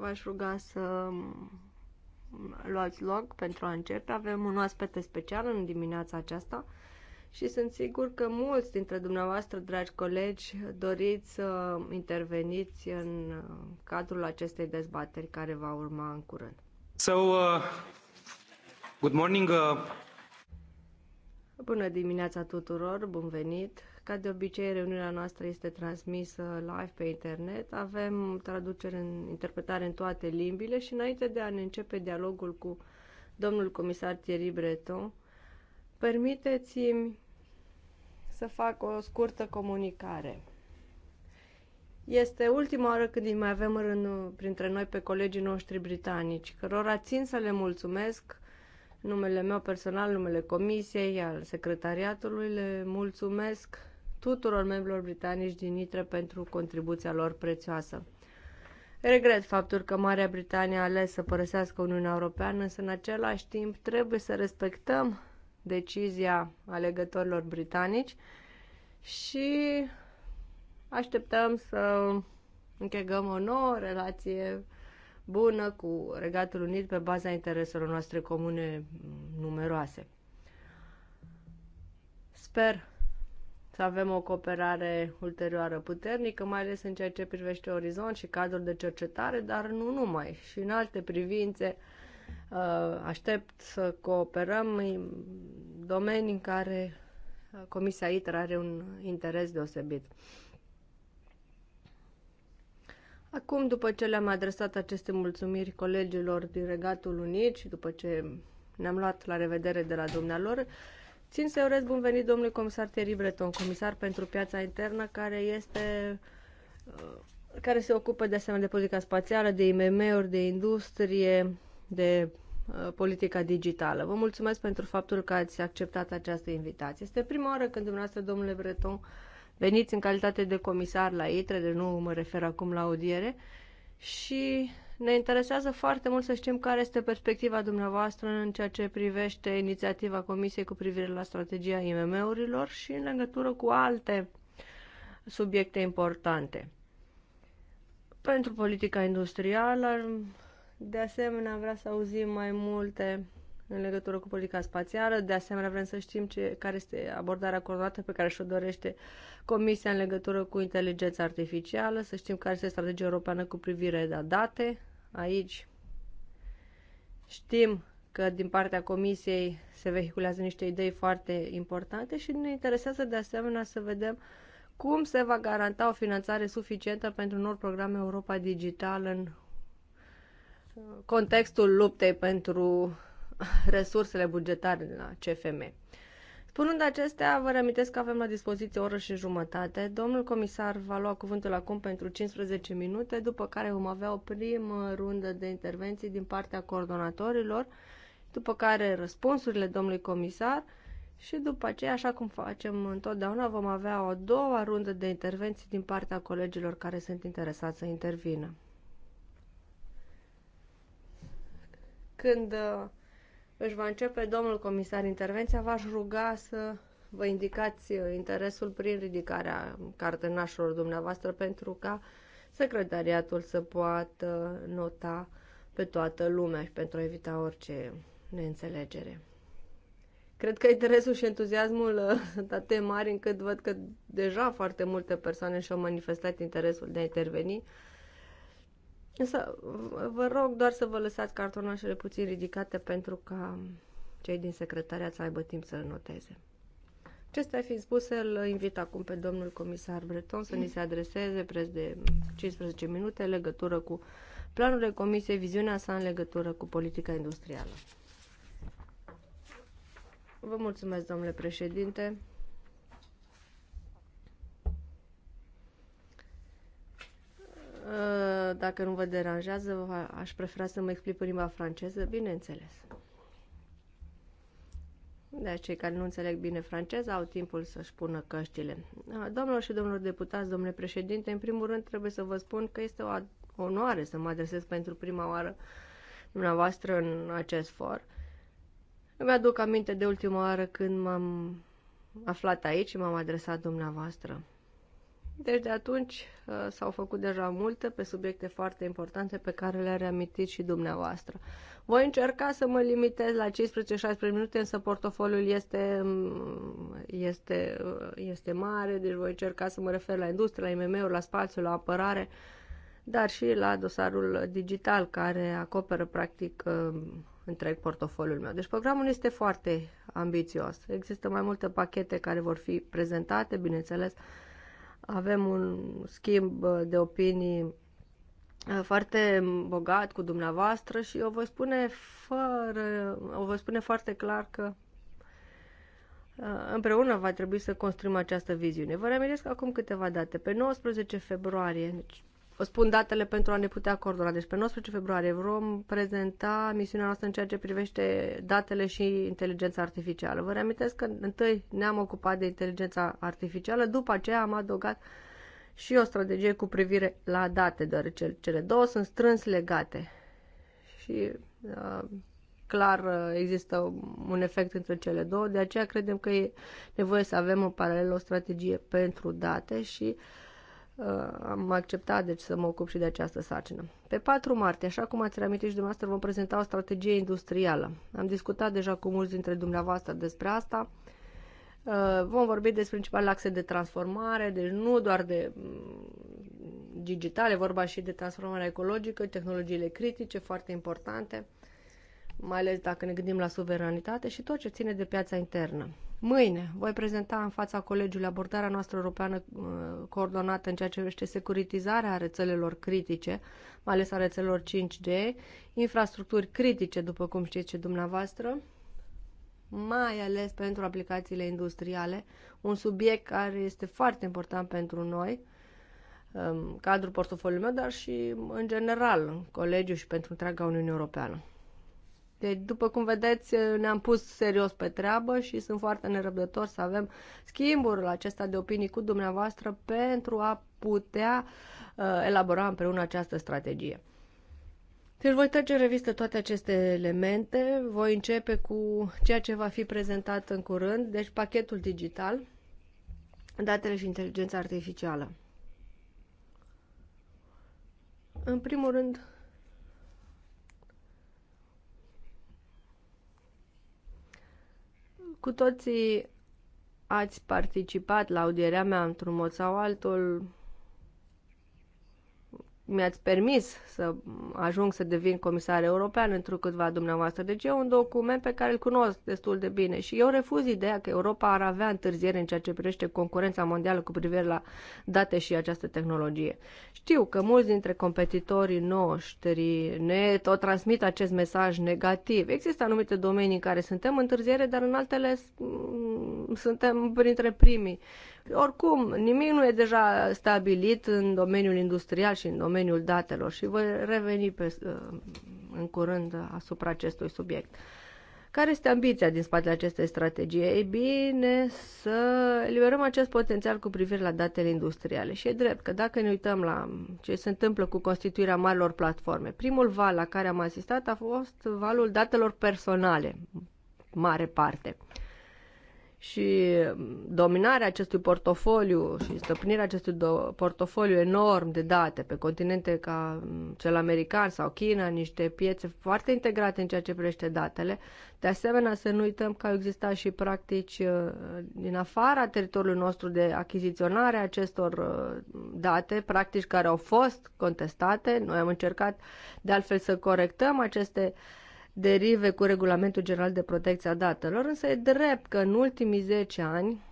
V-aș ruga să luați loc pentru a începe. Avem un oaspete special în dimineața aceasta și sunt sigur că mulți dintre dumneavoastră, dragi colegi, doriți să interveniți în uh, cadrul acestei dezbateri care va urma în curând. So, uh, good morning. Uh... Bună dimineața tuturor, bun venit. Ca de obicei, reuniunea noastră este transmisă live pe internet. Avem traducere în interpretare în toate limbile și înainte de a ne începe dialogul cu domnul comisar Thierry Breton, permiteți-mi să fac o scurtă comunicare. Este ultima oară când îi mai avem rând printre noi pe colegii noștri britanici, cărora țin să le mulțumesc numele meu personal, numele comisiei, al secretariatului, le mulțumesc tuturor membrilor britanici din Nitra pentru contribuția lor prețioasă. Regret faptul că Marea Britanie a ales să părăsească Uniunea Europeană, însă în același timp trebuie să respectăm decizia alegătorilor britanici și așteptăm să închegăm o nouă relație bună cu Regatul Unit pe baza intereselor noastre comune numeroase. Sper să avem o cooperare ulterioară puternică, mai ales în ceea ce privește orizont și cadrul de cercetare, dar nu numai, și în alte privințe uh, aștept să cooperăm în domenii în care uh, Comisia ITER are un interes deosebit. Acum, după ce le-am adresat aceste mulțumiri colegilor din Regatul Unit și după ce ne-am luat la revedere de la dumnealor, uh, Țin să urez bun venit domnului comisar Thierry Breton, comisar pentru piața internă, care este uh, care se ocupă de asemenea de politica spațială, de IMM-uri, de industrie, de uh, politica digitală. Vă mulțumesc pentru faptul că ați acceptat această invitație. Este prima oară când dumneavoastră, domnule Breton, veniți în calitate de comisar la ITRE, de nu mă refer acum la audiere, și ne interesează foarte mult să știm care este perspectiva dumneavoastră în ceea ce privește inițiativa Comisiei cu privire la strategia IMM-urilor și în legătură cu alte subiecte importante. Pentru politica industrială, de asemenea, vrea să auzim mai multe în legătură cu politica spațială. De asemenea, vrem să știm ce, care este abordarea coordonată pe care și-o dorește Comisia în legătură cu inteligența artificială, să știm care este strategia europeană cu privire la date, Aici știm că din partea comisiei se vehiculează niște idei foarte importante și ne interesează de asemenea să vedem cum se va garanta o finanțare suficientă pentru un nou program Europa Digital în uh, contextul luptei pentru resursele bugetare la CFM. Spunând acestea, vă reamintesc că avem la dispoziție o oră și jumătate. Domnul comisar va lua cuvântul acum pentru 15 minute, după care vom avea o primă rundă de intervenții din partea coordonatorilor, după care răspunsurile domnului comisar și după aceea, așa cum facem întotdeauna, vom avea o doua rundă de intervenții din partea colegilor care sunt interesați să intervină. Când uh, își va începe domnul comisar intervenția, v-aș ruga să vă indicați interesul prin ridicarea cartenașilor dumneavoastră pentru ca secretariatul să poată nota pe toată lumea și pentru a evita orice neînțelegere. Cred că interesul și entuziasmul uh, sunt atât de mari încât văd că deja foarte multe persoane și-au manifestat interesul de a interveni. Însă vă rog doar să vă lăsați cartonașele puțin ridicate pentru ca cei din secretariat să aibă timp să noteze. Acestea fiind spuse, îl invit acum pe domnul comisar Breton să ni se adreseze preț de 15 minute în legătură cu planurile comisiei, viziunea sa în legătură cu politica industrială. Vă mulțumesc, domnule președinte. Uh, dacă nu vă deranjează, aș prefera să mă explic în limba franceză, bineînțeles. De cei care nu înțeleg bine franceza au timpul să-și pună căștile. Uh, domnilor și domnilor deputați, domnule președinte, în primul rând trebuie să vă spun că este o onoare să mă adresez pentru prima oară dumneavoastră în acest for. Îmi aduc aminte de ultima oară când m-am aflat aici și m-am adresat dumneavoastră. Deci de atunci uh, s-au făcut deja multe pe subiecte foarte importante pe care le-a reamintit și dumneavoastră. Voi încerca să mă limitez la 15-16 minute, însă portofoliul este, mm, este, uh, este mare, deci voi încerca să mă refer la industrie, la IMM-uri, la spațiu, la apărare, dar și la dosarul digital care acoperă practic uh, întreg portofoliul meu. Deci programul este foarte ambițios. Există mai multe pachete care vor fi prezentate, bineînțeles, avem un schimb uh, de opinii uh, foarte bogat cu dumneavoastră și o voi spune fără, o voi spune foarte clar că uh, împreună va trebui să construim această viziune. Vă reamintesc acum câteva date. Pe 19 februarie, deci Vă spun datele pentru a ne putea coordona. Deci pe 19 februarie vom prezenta misiunea noastră în ceea ce privește datele și inteligența artificială. Vă reamintesc că întâi ne-am ocupat de inteligența artificială, după aceea am adăugat și o strategie cu privire la date, deoarece cele două sunt strâns legate. Și uh, clar uh, există un efect între cele două, de aceea credem că e nevoie să avem în paralel o strategie pentru date și uh, Uh, am acceptat deci să mă ocup și de această sarcină. Pe 4 martie, așa cum ați reamintit și dumneavoastră, vom prezenta o strategie industrială. Am discutat deja cu mulți dintre dumneavoastră despre asta. Uh, vom vorbi despre principalele axe de transformare, deci nu doar de mm, digitale, vorba și de transformarea ecologică, tehnologiile critice foarte importante – mai ales dacă ne gândim la suveranitate și tot ce ține de piața internă. Mâine voi prezenta în fața colegiului abordarea noastră europeană uh, coordonată în ceea ce vește securitizarea rețelelor critice, mai ales a rețelelor 5G, infrastructuri critice, după cum știți și dumneavoastră, mai ales pentru aplicațiile industriale, un subiect care este foarte important pentru noi, um, cadrul portofoliului meu, dar și în general, în colegiu și pentru întreaga Uniune Europeană. Deci, după cum vedeți, ne-am pus serios pe treabă și sunt foarte nerăbdător să avem schimburul acesta de opinii cu dumneavoastră pentru a putea uh, elabora împreună această strategie. Deci voi trece în revistă toate aceste elemente, voi începe cu ceea ce va fi prezentat în curând, deci pachetul digital, datele și inteligența artificială. În primul rând, Cu toții ați participat la audierea mea într-un mod sau altul, mi-ați permis să ajung să devin comisar european într-o câtva dumneavoastră. Deci e un document pe care îl cunosc destul de bine și eu refuz ideea că Europa ar avea întârziere în ceea ce privește concurența mondială cu privire la date și această tehnologie. Știu că mulți dintre competitorii noștri ne tot transmit acest mesaj negativ. Există anumite domenii în care suntem întârziere, dar în altele suntem printre primii oricum, nimic nu e deja stabilit în domeniul industrial și în domeniul datelor și voi reveni pe, uh, în curând asupra acestui subiect. Care este ambiția din spatele acestei strategii? Ei bine, să eliberăm acest potențial cu privire la datele industriale. Și e drept că dacă ne uităm la ce se întâmplă cu constituirea marilor platforme, primul val la care am asistat a fost valul datelor personale, mare parte și dominarea acestui portofoliu și stăpânirea acestui portofoliu enorm de date pe continente ca mm, cel american sau China, niște piețe foarte integrate în ceea ce privește datele. De asemenea, să nu uităm că au existat și practici uh, din afara teritoriului nostru de achiziționare a acestor uh, date, practici care au fost contestate. Noi am încercat de altfel să corectăm aceste uh, derive cu Regulamentul General de Protecție a Datelor, însă e drept că în ultimii 10 ani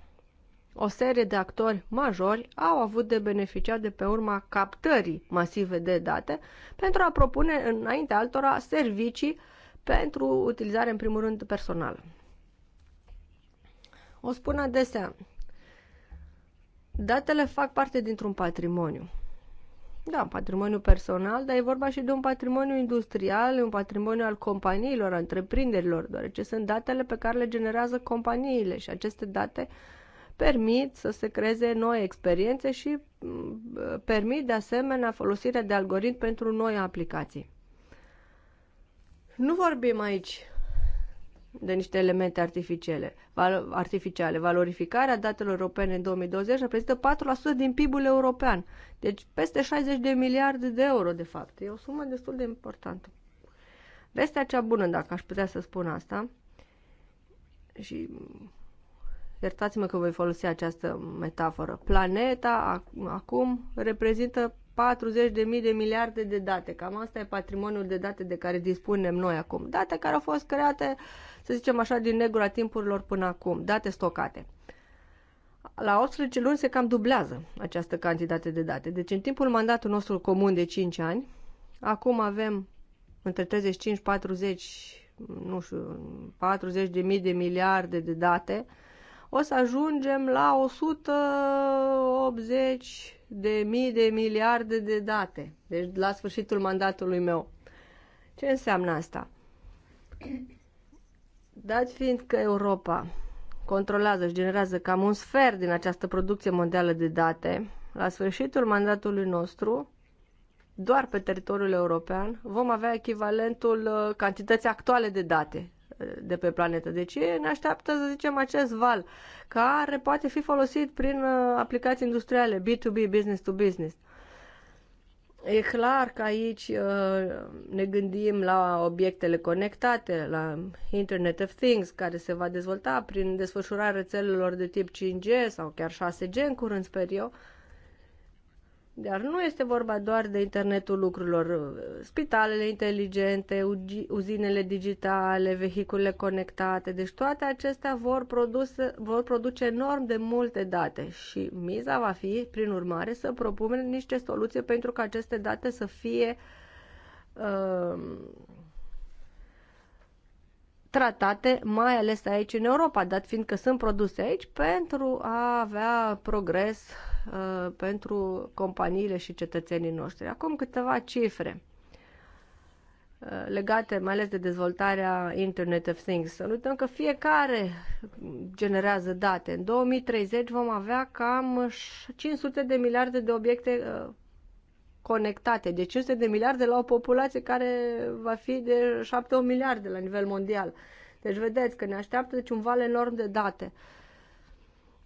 o serie de actori majori au avut de beneficiat de pe urma captării masive de date pentru a propune înainte altora servicii pentru utilizare în primul rând personală. O spun adesea, datele fac parte dintr-un patrimoniu da, patrimoniu personal, dar e vorba și de un patrimoniu industrial, un patrimoniu al companiilor, a întreprinderilor, deoarece sunt datele pe care le generează companiile și aceste date permit să se creeze noi experiențe și mm, permit de asemenea folosirea de algoritmi pentru noi aplicații. Nu vorbim aici de niște elemente artificiale. Val- artificiale. Valorificarea datelor europene în 2020 reprezintă 4% din PIB-ul european. Deci peste 60 de miliarde de euro, de fapt. E o sumă destul de importantă. Vestea cea bună, dacă aș putea să spun asta, și iertați-mă că voi folosi această metaforă, planeta acum reprezintă 40.000 de miliarde de date. Cam asta e patrimoniul de date de care dispunem noi acum. Date care au fost create, să zicem așa, din negura timpurilor până acum. Date stocate. La 18 luni se cam dublează această cantitate de date. Deci în timpul mandatului nostru comun de 5 ani, acum avem între 35-40, nu știu, 40 de mii de miliarde de date o să ajungem la 180 de mii de miliarde de date, deci la sfârșitul mandatului meu. Ce înseamnă asta? Dat fiind că Europa controlează și generează cam un sfert din această producție mondială de date, la sfârșitul mandatului nostru, doar pe teritoriul european, vom avea echivalentul uh, cantității actuale de date, de pe planetă. Deci ne așteaptă, să zicem, acest val care poate fi folosit prin uh, aplicații industriale, B2B, business to business. E clar că aici uh, ne gândim la obiectele conectate, la Internet of Things, care se va dezvolta prin desfășurarea rețelelor de tip 5G sau chiar 6G în curând, sper eu, dar nu este vorba doar de internetul lucrurilor. Uh, spitalele inteligente, uzinele digitale, vehiculele conectate, deci toate acestea vor, produse, vor produce enorm de multe date și miza va fi, prin urmare, să propunem niște soluții pentru ca aceste date să fie uh, tratate, mai ales aici în Europa, dat fiind că sunt produse aici pentru a avea progres uh, uh, pentru companiile și cetățenii noștri. Acum câteva cifre uh, legate mai ales de dezvoltarea Internet of Things. Să nu uităm că fiecare generează date. În 2030 vom avea cam 500 de miliarde de obiecte uh, conectate, de deci 500 de miliarde la o populație care va fi de 7 miliarde la nivel mondial. Deci vedeți că ne așteaptă deci un val enorm de date. Uh,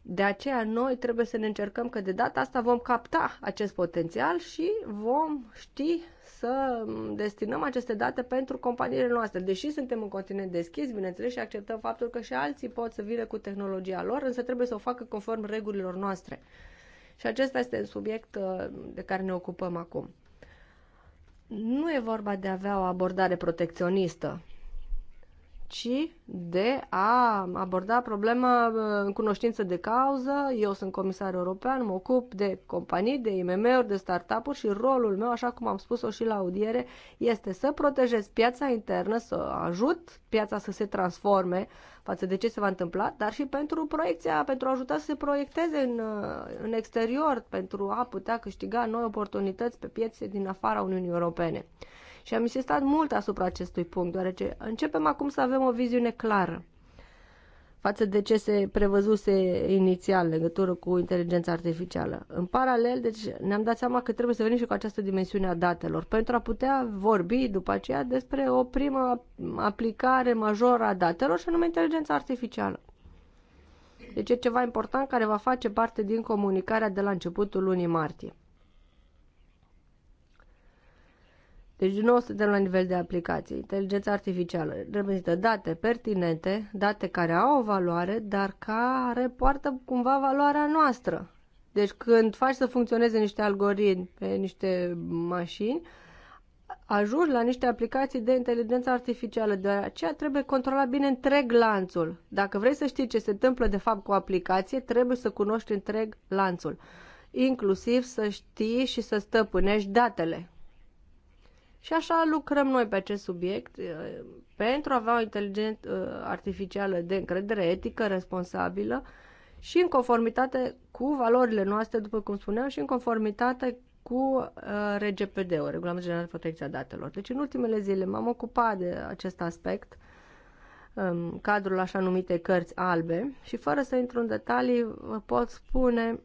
de aceea noi trebuie să ne încercăm că de data asta vom capta acest potențial și vom ști să destinăm aceste date pentru companiile noastre. Deși suntem un continent deschis, bineînțeles, și acceptăm faptul că și alții pot să vină cu tehnologia lor, însă trebuie să o facă conform regulilor noastre. Și acesta este un subiect uh, de care ne ocupăm acum. Nu e vorba de a avea o abordare protecționistă ci de a aborda problema uh, în cunoștință de cauză. Eu sunt comisar european, mă ocup de companii, de IMM-uri, de startup-uri și rolul meu, așa cum am spus-o și la audiere, este să protejez piața internă, să ajut piața să se transforme față de ce se va întâmpla, dar și pentru proiecția, pentru a ajuta să se proiecteze în, uh, în exterior, pentru a putea câștiga noi oportunități pe piețe din afara Uniunii Europene. Și am insistat mult asupra acestui punct, deoarece începem acum să avem o viziune clară față de ce se prevăzuse inițial legătură cu inteligența artificială. În paralel, deci ne-am dat seama că trebuie să venim și cu această dimensiune a datelor pentru a putea vorbi după aceea despre o primă aplicare majoră a datelor și anume inteligența artificială. Deci e ceva important care va face parte din comunicarea de la începutul lunii martie. Deci, din nou, suntem de la nivel de aplicații. Inteligența artificială reprezintă date pertinente, date care au o valoare, dar care poartă cumva valoarea noastră. Deci când faci să funcționeze niște algoritmi pe niște mașini, ajungi la niște aplicații de inteligență artificială, de aceea trebuie controlat bine întreg lanțul. Dacă vrei să știi ce se întâmplă de fapt cu o aplicație, trebuie să cunoști întreg lanțul, inclusiv să știi și să stăpânești datele și așa lucrăm noi pe acest subiect uh, pentru a avea o inteligență uh, artificială de încredere etică, responsabilă și în conformitate cu valorile noastre, după cum spuneam, și în conformitate cu uh, RGPD-ul, Regulamentul General de Protecția Datelor. Deci în ultimele zile m-am ocupat de acest aspect um, cadrul așa numite cărți albe și fără să intru în detalii vă pot spune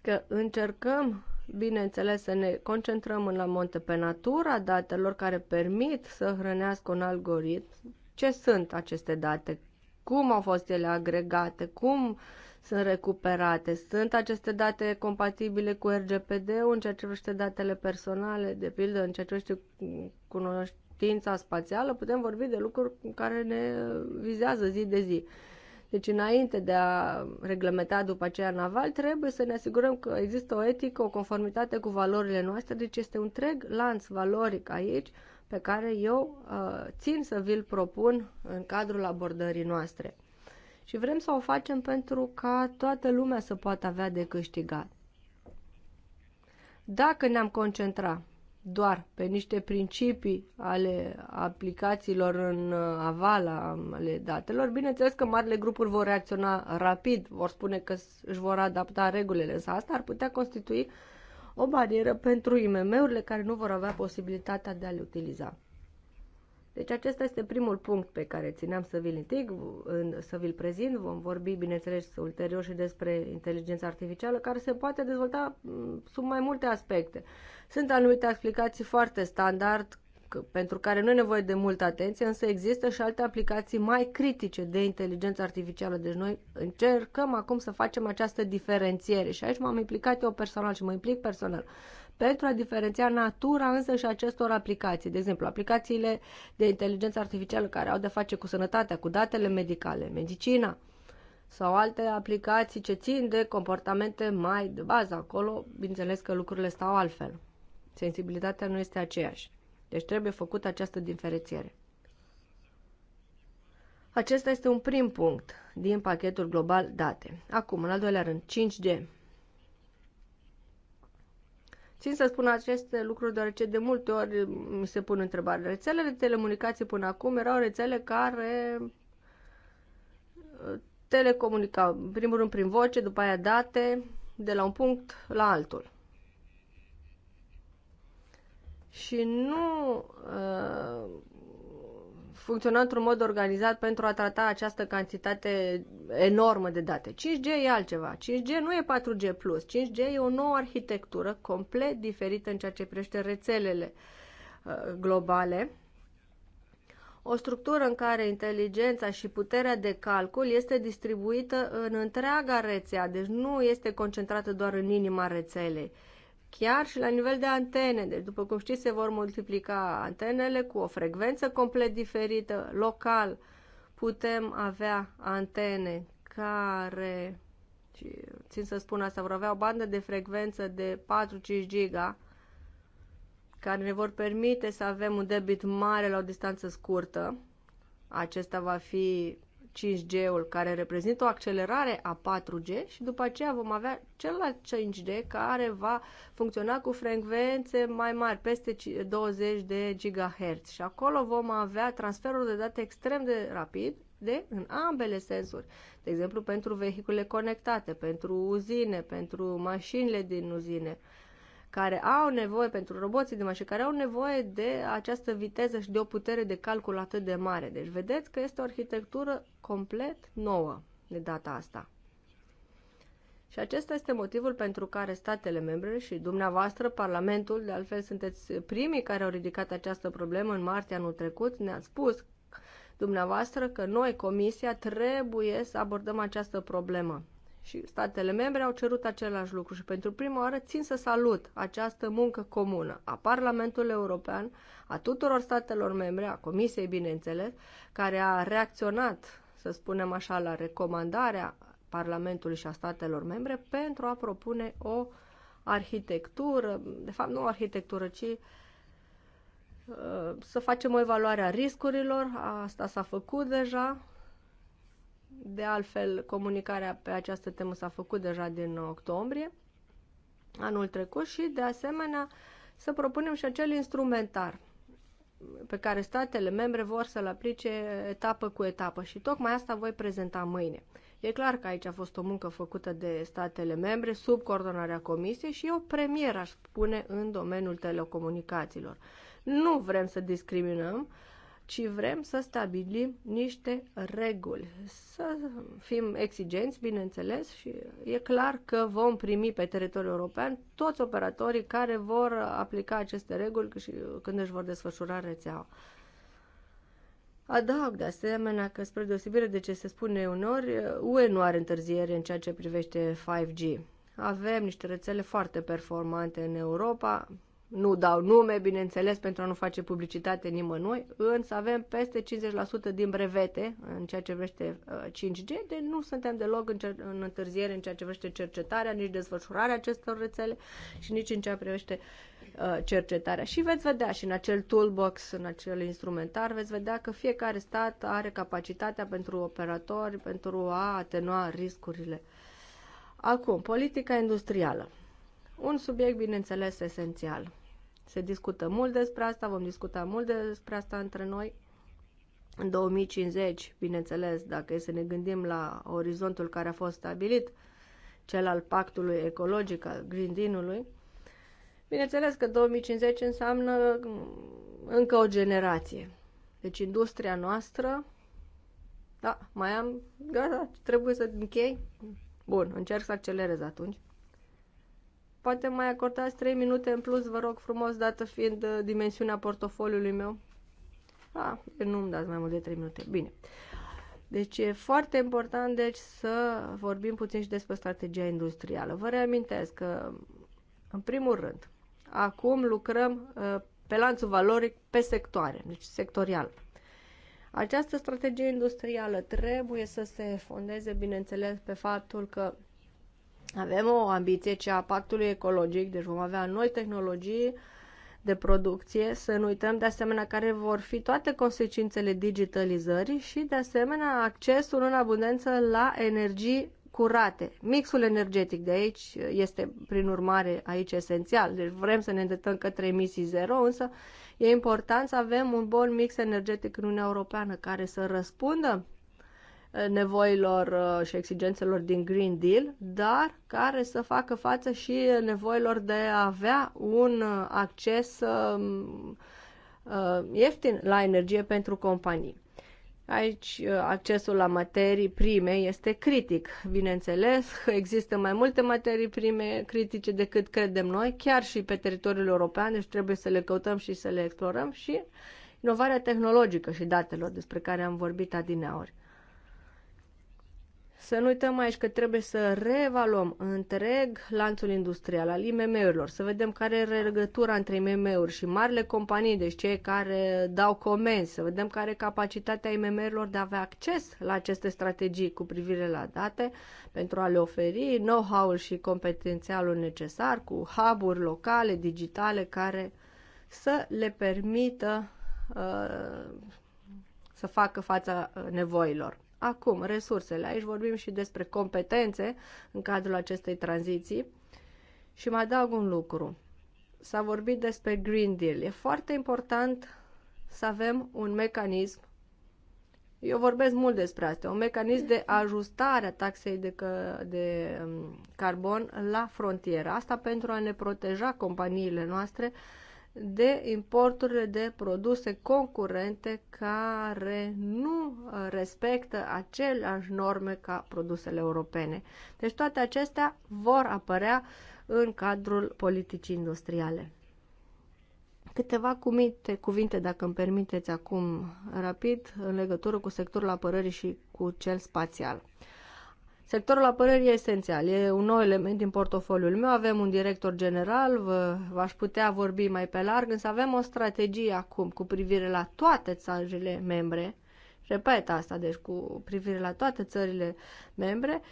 că încercăm bineînțeles, să ne concentrăm în la monte pe natura datelor care permit să hrănească un algoritm. Ce sunt aceste date? Cum au fost ele agregate? Cum sunt recuperate? Sunt aceste date compatibile cu RGPD-ul în ceea ce privește datele personale, de pildă în ceea ce privește cunoștința spațială? Putem vorbi de lucruri care ne vizează zi de zi. Deci înainte de a reglementa după aceea naval, trebuie să ne asigurăm că există o etică, o conformitate cu valorile noastre, deci este un întreg lanț valoric aici pe care eu uh, țin să vi-l propun în cadrul abordării noastre. Și vrem să o facem pentru ca toată lumea să poată avea de câștigat. Dacă ne-am concentrat doar pe niște principii ale aplicațiilor în uh, avala ale datelor, bineînțeles că marile grupuri vor reacționa rapid, vor spune că își vor adapta regulile, însă asta ar putea constitui o barieră pentru IMM-urile care nu vor avea posibilitatea de a le utiliza. Deci acesta este primul punct pe care țineam să vi-l să vi-l prezint. Vom vorbi, bineînțeles, ulterior și despre inteligența artificială, care se poate dezvolta mm, sub mai multe aspecte. Sunt anumite aplicații foarte standard pentru care nu e nevoie de multă atenție, însă există și alte aplicații mai critice de inteligență artificială. Deci noi încercăm acum să facem această diferențiere și aici m-am implicat eu personal și mă implic personal pentru a diferenția natura însă și acestor aplicații. De exemplu, aplicațiile de inteligență artificială care au de face cu sănătatea, cu datele medicale, medicina sau alte aplicații ce țin de comportamente mai de bază. Acolo, bineînțeles că lucrurile stau altfel. Sensibilitatea nu este aceeași. Deci trebuie făcută această diferențiere. Acesta este un prim punct din pachetul global date. Acum, în al doilea rând, 5G. Țin să spun aceste lucruri deoarece de multe ori mi se pun întrebări. Rețelele de telecomunicații până acum erau rețele care uh, telecomunicau, în primul rând prin voce, după aia date, de la un punct la altul. Și nu uh, funcționa într-un mod organizat pentru a trata această cantitate enormă de date. 5G e altceva. 5G nu e 4G+. 5G e o nouă arhitectură complet diferită în ceea ce privește rețelele uh, globale. O structură în care inteligența și puterea de calcul este distribuită în întreaga rețea, deci nu este concentrată doar în inima rețelei chiar și la nivel de antene. Deci, după cum știți, se vor multiplica antenele cu o frecvență complet diferită, local. Putem avea antene care, și țin să spun asta, vor avea o bandă de frecvență de 4-5 giga, care ne vor permite să avem un debit mare la o distanță scurtă. Acesta va fi 5G-ul, care reprezintă o accelerare a 4G și după aceea vom avea celălalt 5G care va funcționa cu frecvențe mai mari, peste 20 de GHz și acolo vom avea transferul de date extrem de rapid de în ambele sensuri. De exemplu, pentru vehicule conectate, pentru uzine, pentru mașinile din uzine care au nevoie pentru roboții de mașini, care au nevoie de această viteză și de o putere de calcul atât de mare. Deci vedeți că este o arhitectură complet nouă de data asta. Și acesta este motivul pentru care statele membre și dumneavoastră, Parlamentul, de altfel sunteți primii care au ridicat această problemă în martie anul trecut, ne a spus dumneavoastră că noi, Comisia, trebuie să abordăm această problemă și statele membre au cerut același lucru și pentru prima oară țin să salut această muncă comună a Parlamentului European, a tuturor statelor membre, a Comisiei, bineînțeles, care a reacționat, să spunem așa, la recomandarea Parlamentului și a statelor membre pentru a propune o arhitectură, de fapt nu o arhitectură, ci uh, să facem o evaluare a riscurilor, asta s-a făcut deja, de altfel, comunicarea pe această temă s-a făcut deja din octombrie anul trecut și, de asemenea, să propunem și acel instrumentar pe care statele membre vor să-l aplice etapă cu etapă și tocmai asta voi prezenta mâine. E clar că aici a fost o muncă făcută de statele membre sub coordonarea comisiei și e o premieră, aș spune, în domeniul telecomunicațiilor. Nu vrem să discriminăm, ci vrem să stabilim niște reguli. Să fim exigenți, bineînțeles, și e clar că vom primi pe teritoriul european toți operatorii care vor aplica aceste reguli și când își vor desfășura rețeaua. Adaug de asemenea că, spre deosebire de ce se spune uneori, UE nu are întârziere în ceea ce privește 5G. Avem niște rețele foarte performante în Europa, nu dau nume, bineînțeles, pentru a nu face publicitate nimănui, însă avem peste 50% din brevete în ceea ce vrește 5G, uh, deci nu suntem deloc în, cer- în întârziere în ceea ce vrește cercetarea, nici desfășurarea acestor rețele și nici în ceea ce privește uh, cercetarea. Și veți vedea și în acel toolbox, în acel instrumentar, veți vedea că fiecare stat are capacitatea pentru operatori, pentru a atenua riscurile. Acum, politica industrială. Un subiect, bineînțeles, esențial. Se discută mult despre asta, vom discuta mult despre asta între noi. În 2050, bineînțeles, dacă e să ne gândim la orizontul care a fost stabilit, cel al pactului ecologic, al Green Deal-ului, bineînțeles că 2050 înseamnă mm, încă o generație. Deci industria noastră, da, mai am, gata, trebuie să închei. Bun, încerc să accelerez atunci. Poate mai acordați 3 minute în plus, vă rog frumos, dată fiind uh, dimensiunea portofoliului meu. Ah, nu îmi dați mai mult de 3 minute. Bine. Deci e foarte important deci, să vorbim puțin și despre strategia industrială. Vă reamintesc că, în primul rând, acum lucrăm uh, pe lanțul valoric, pe sectoare, deci sectorial. Această strategie industrială trebuie să se fondeze, bineînțeles, pe faptul că avem o ambiție cea a pactului ecologic, deci vom avea noi tehnologii de producție, să nu uităm de asemenea care vor fi toate consecințele digitalizării și de asemenea accesul în abundență la energii curate. Mixul energetic de aici este prin urmare aici esențial, deci vrem să ne îndreptăm către emisii zero, însă e important să avem un bun mix energetic în Uniunea Europeană care să răspundă nevoilor uh, și exigențelor din Green Deal, dar care să facă față și nevoilor de a avea un uh, acces um, uh, ieftin la energie pentru companii. Aici accesul la materii prime este critic, bineînțeles. Există mai multe materii prime critice decât credem noi, chiar și pe teritoriul european, deci trebuie să le căutăm și să le explorăm și inovarea tehnologică și datelor despre care am vorbit adineaori. Să nu uităm aici că trebuie să reevaluăm întreg lanțul industrial al IMM-urilor, să vedem care e legătura între IMM-uri și marile companii, deci cei care dau comenzi, să vedem care e capacitatea IMM-urilor de a avea acces la aceste strategii cu privire la date pentru a le oferi know-how-ul și competențialul necesar cu hub-uri locale, digitale, care să le permită uh, să facă fața nevoilor. Acum, resursele. Aici vorbim și despre competențe în cadrul acestei tranziții. Și mai adaug un lucru. S-a vorbit despre Green Deal. E foarte important să avem un mecanism eu vorbesc mult despre asta, un mecanism de ajustare a taxei de, că, de um, carbon la frontieră. Asta pentru a ne proteja companiile noastre uh, de importurile de produse concurente care nu uh, respectă aceleași norme ca produsele europene. Deci toate acestea vor apărea în cadrul politicii industriale. Câteva cuminte, cuvinte, dacă îmi permiteți acum rapid, în legătură cu sectorul apărării și cu cel spațial. Sectorul apărării e esențial, e un nou element din portofoliul meu, avem un director general, v-aș putea vorbi mai pe larg, însă avem o strategie acum cu privire la toate țările membre, repet asta, deci cu privire la toate țările membre,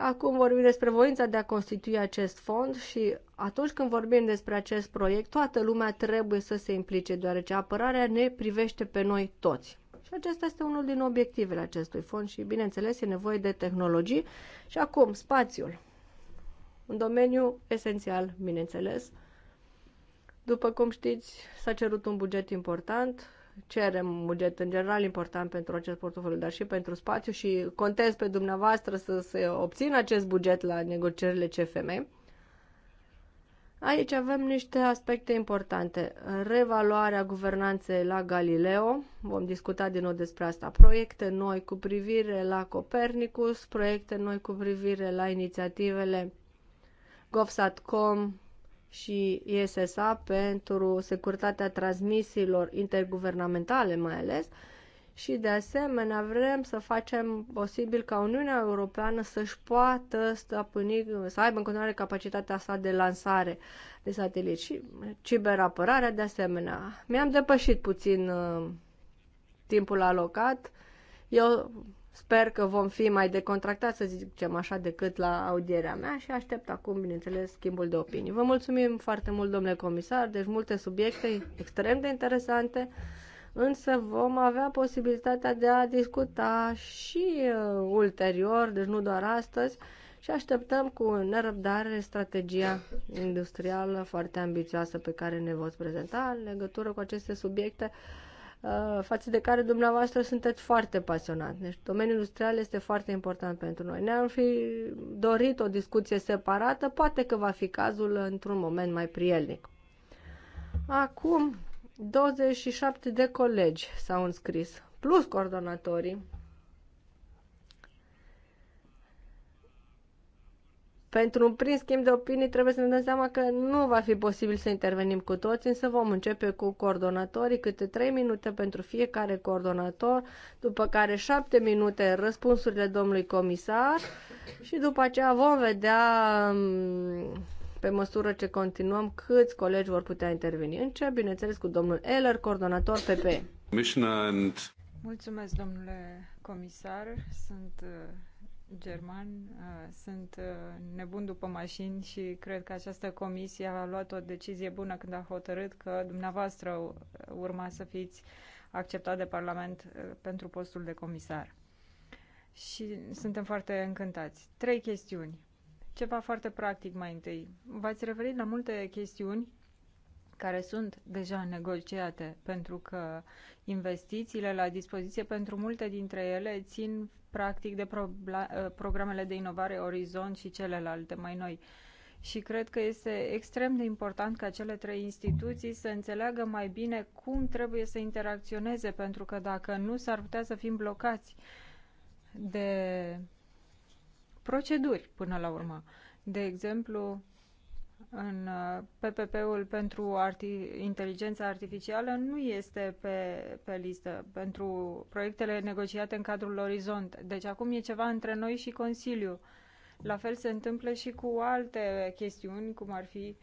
Acum vorbim despre voința de a constitui acest fond și atunci când vorbim despre acest proiect, toată lumea trebuie să se implice, deoarece apărarea ne privește pe noi toți. Și acesta este unul din obiectivele acestui fond și, bineînțeles, e nevoie de tehnologii. Și acum, spațiul. Un domeniu esențial, bineînțeles. După cum știți, s-a cerut un buget important, cerem un buget în general important pentru acest portofoliu, dar și pentru spațiu și contez pe dumneavoastră să se obțină acest buget la negocierile CFM. Aici avem niște aspecte importante. Revaloarea guvernanței la Galileo, vom discuta din nou despre asta, proiecte noi cu privire la Copernicus, proiecte noi cu privire la inițiativele GovSatcom și ISSA pentru securitatea transmisiilor interguvernamentale mai ales, și de asemenea vrem să facem posibil ca Uniunea Europeană să-și poată stăpâni, să aibă în continuare capacitatea sa de lansare de sateliți și ciberapărarea de asemenea. Mi-am depășit puțin uh, timpul alocat. Eu sper că vom fi mai decontractați, să zicem așa, decât la audierea mea și aștept acum, bineînțeles, schimbul de opinii. Vă mulțumim foarte mult, domnule comisar, deci multe subiecte extrem de interesante însă vom avea posibilitatea de a discuta și uh, ulterior, deci nu doar astăzi, și așteptăm cu nerăbdare strategia industrială foarte ambițioasă pe care ne voți prezenta în legătură cu aceste subiecte uh, față de care dumneavoastră sunteți foarte pasionat. Deci domeniul industrial este foarte important pentru noi. Ne-am fi dorit o discuție separată, poate că va fi cazul într-un moment mai prielnic. Acum, 27 de colegi s-au înscris, plus coordonatorii. Pentru un prim schimb de opinii trebuie să ne dăm seama că nu va fi posibil să intervenim cu toți, însă vom începe cu coordonatorii, câte 3 minute pentru fiecare coordonator, după care 7 minute răspunsurile domnului comisar și după aceea vom vedea mm, pe măsură ce continuăm, câți colegi vor putea interveni. Încep, bineînțeles, cu domnul Eller, coordonator PP. Mulțumesc, domnule comisar. Sunt uh, german, uh, sunt uh, nebun după mașini și cred că această comisie a luat o decizie bună când a hotărât că dumneavoastră urma să fiți acceptat de Parlament pentru postul de comisar. Și suntem foarte încântați. Trei chestiuni. Ceva foarte practic mai întâi. V-ați referit la multe chestiuni care sunt deja negociate, pentru că investițiile la dispoziție pentru multe dintre ele țin practic de pro ă, programele de inovare Orizont și celelalte mai noi. Și cred că este extrem de important ca cele trei instituții să înțeleagă mai bine cum trebuie să interacționeze, pentru că dacă nu, s-ar putea să fim blocați de proceduri până la urmă. De exemplu, în uh, PPP-ul pentru arti- inteligența artificială nu este pe, pe listă pentru proiectele negociate în cadrul Orizont. Deci acum e ceva între noi și Consiliu. La fel se întâmplă și cu alte chestiuni, cum ar fi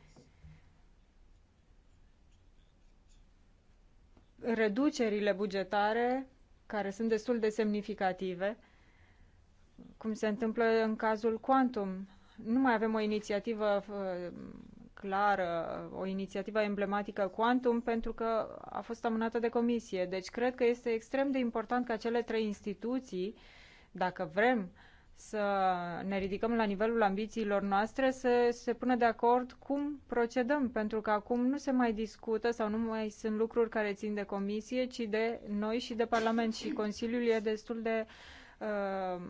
reducerile bugetare, care sunt destul de semnificative, cum se întâmplă în cazul Quantum. Nu mai avem o inițiativă uh, clară, o inițiativă emblematică Quantum, pentru că a fost amânată de comisie. Deci cred că este extrem de important ca cele trei instituții, dacă vrem să ne ridicăm la nivelul ambițiilor noastre, să se pună de acord cum procedăm, pentru că acum nu se mai discută sau nu mai sunt lucruri care țin de comisie, ci de noi și de Parlament și Consiliul e destul de uh, Um,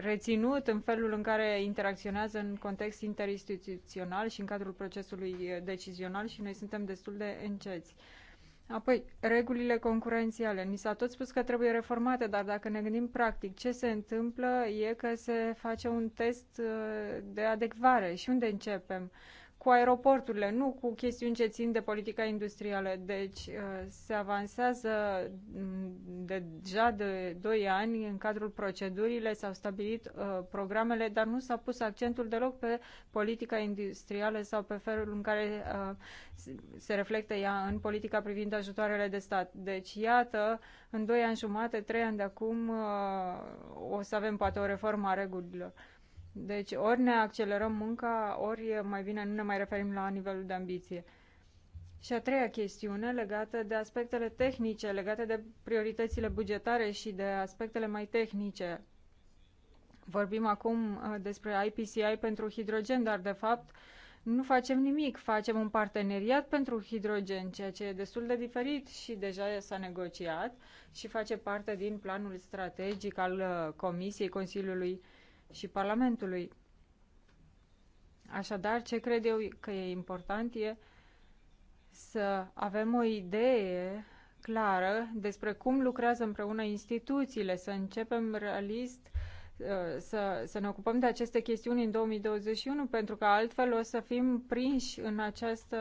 reținut în felul în care interacționează în context interinstituțional și în cadrul procesului uh, decizional și noi suntem destul de înceți. Apoi, regulile concurențiale. Ni s-a tot spus că trebuie reformate, dar dacă ne gândim practic ce se întâmplă, e că se face un test uh, de adecvare. Și unde începem? cu aeroporturile, nu cu chestiuni ce țin de politica industrială. Deci uh, se avansează mm, deja de 2 ani în cadrul procedurile, s-au stabilit uh, programele, dar nu s-a pus accentul deloc pe politica industrială sau pe felul în care uh, se reflectă ea în politica privind ajutoarele de stat. Deci iată, în 2 ani jumate, 3 ani de acum, o să avem poate o reformă a regulilor. Deci ori ne accelerăm munca, ori mai bine nu ne mai referim la nivelul de ambiție. Și a treia chestiune legată de aspectele tehnice, legate de prioritățile bugetare și de aspectele mai tehnice. Vorbim acum uh, despre IPCI pentru hidrogen, dar de fapt nu facem nimic, facem un parteneriat pentru hidrogen, ceea ce e destul de diferit și deja s-a negociat și face parte din planul strategic al uh, Comisiei Consiliului uh, și Parlamentului. Așadar, ce cred eu că e important e să avem o idee clară despre cum lucrează împreună instituțiile, să începem realist uh, să, să ne ocupăm de aceste chestiuni în 2021, pentru că altfel o să fim prinși în această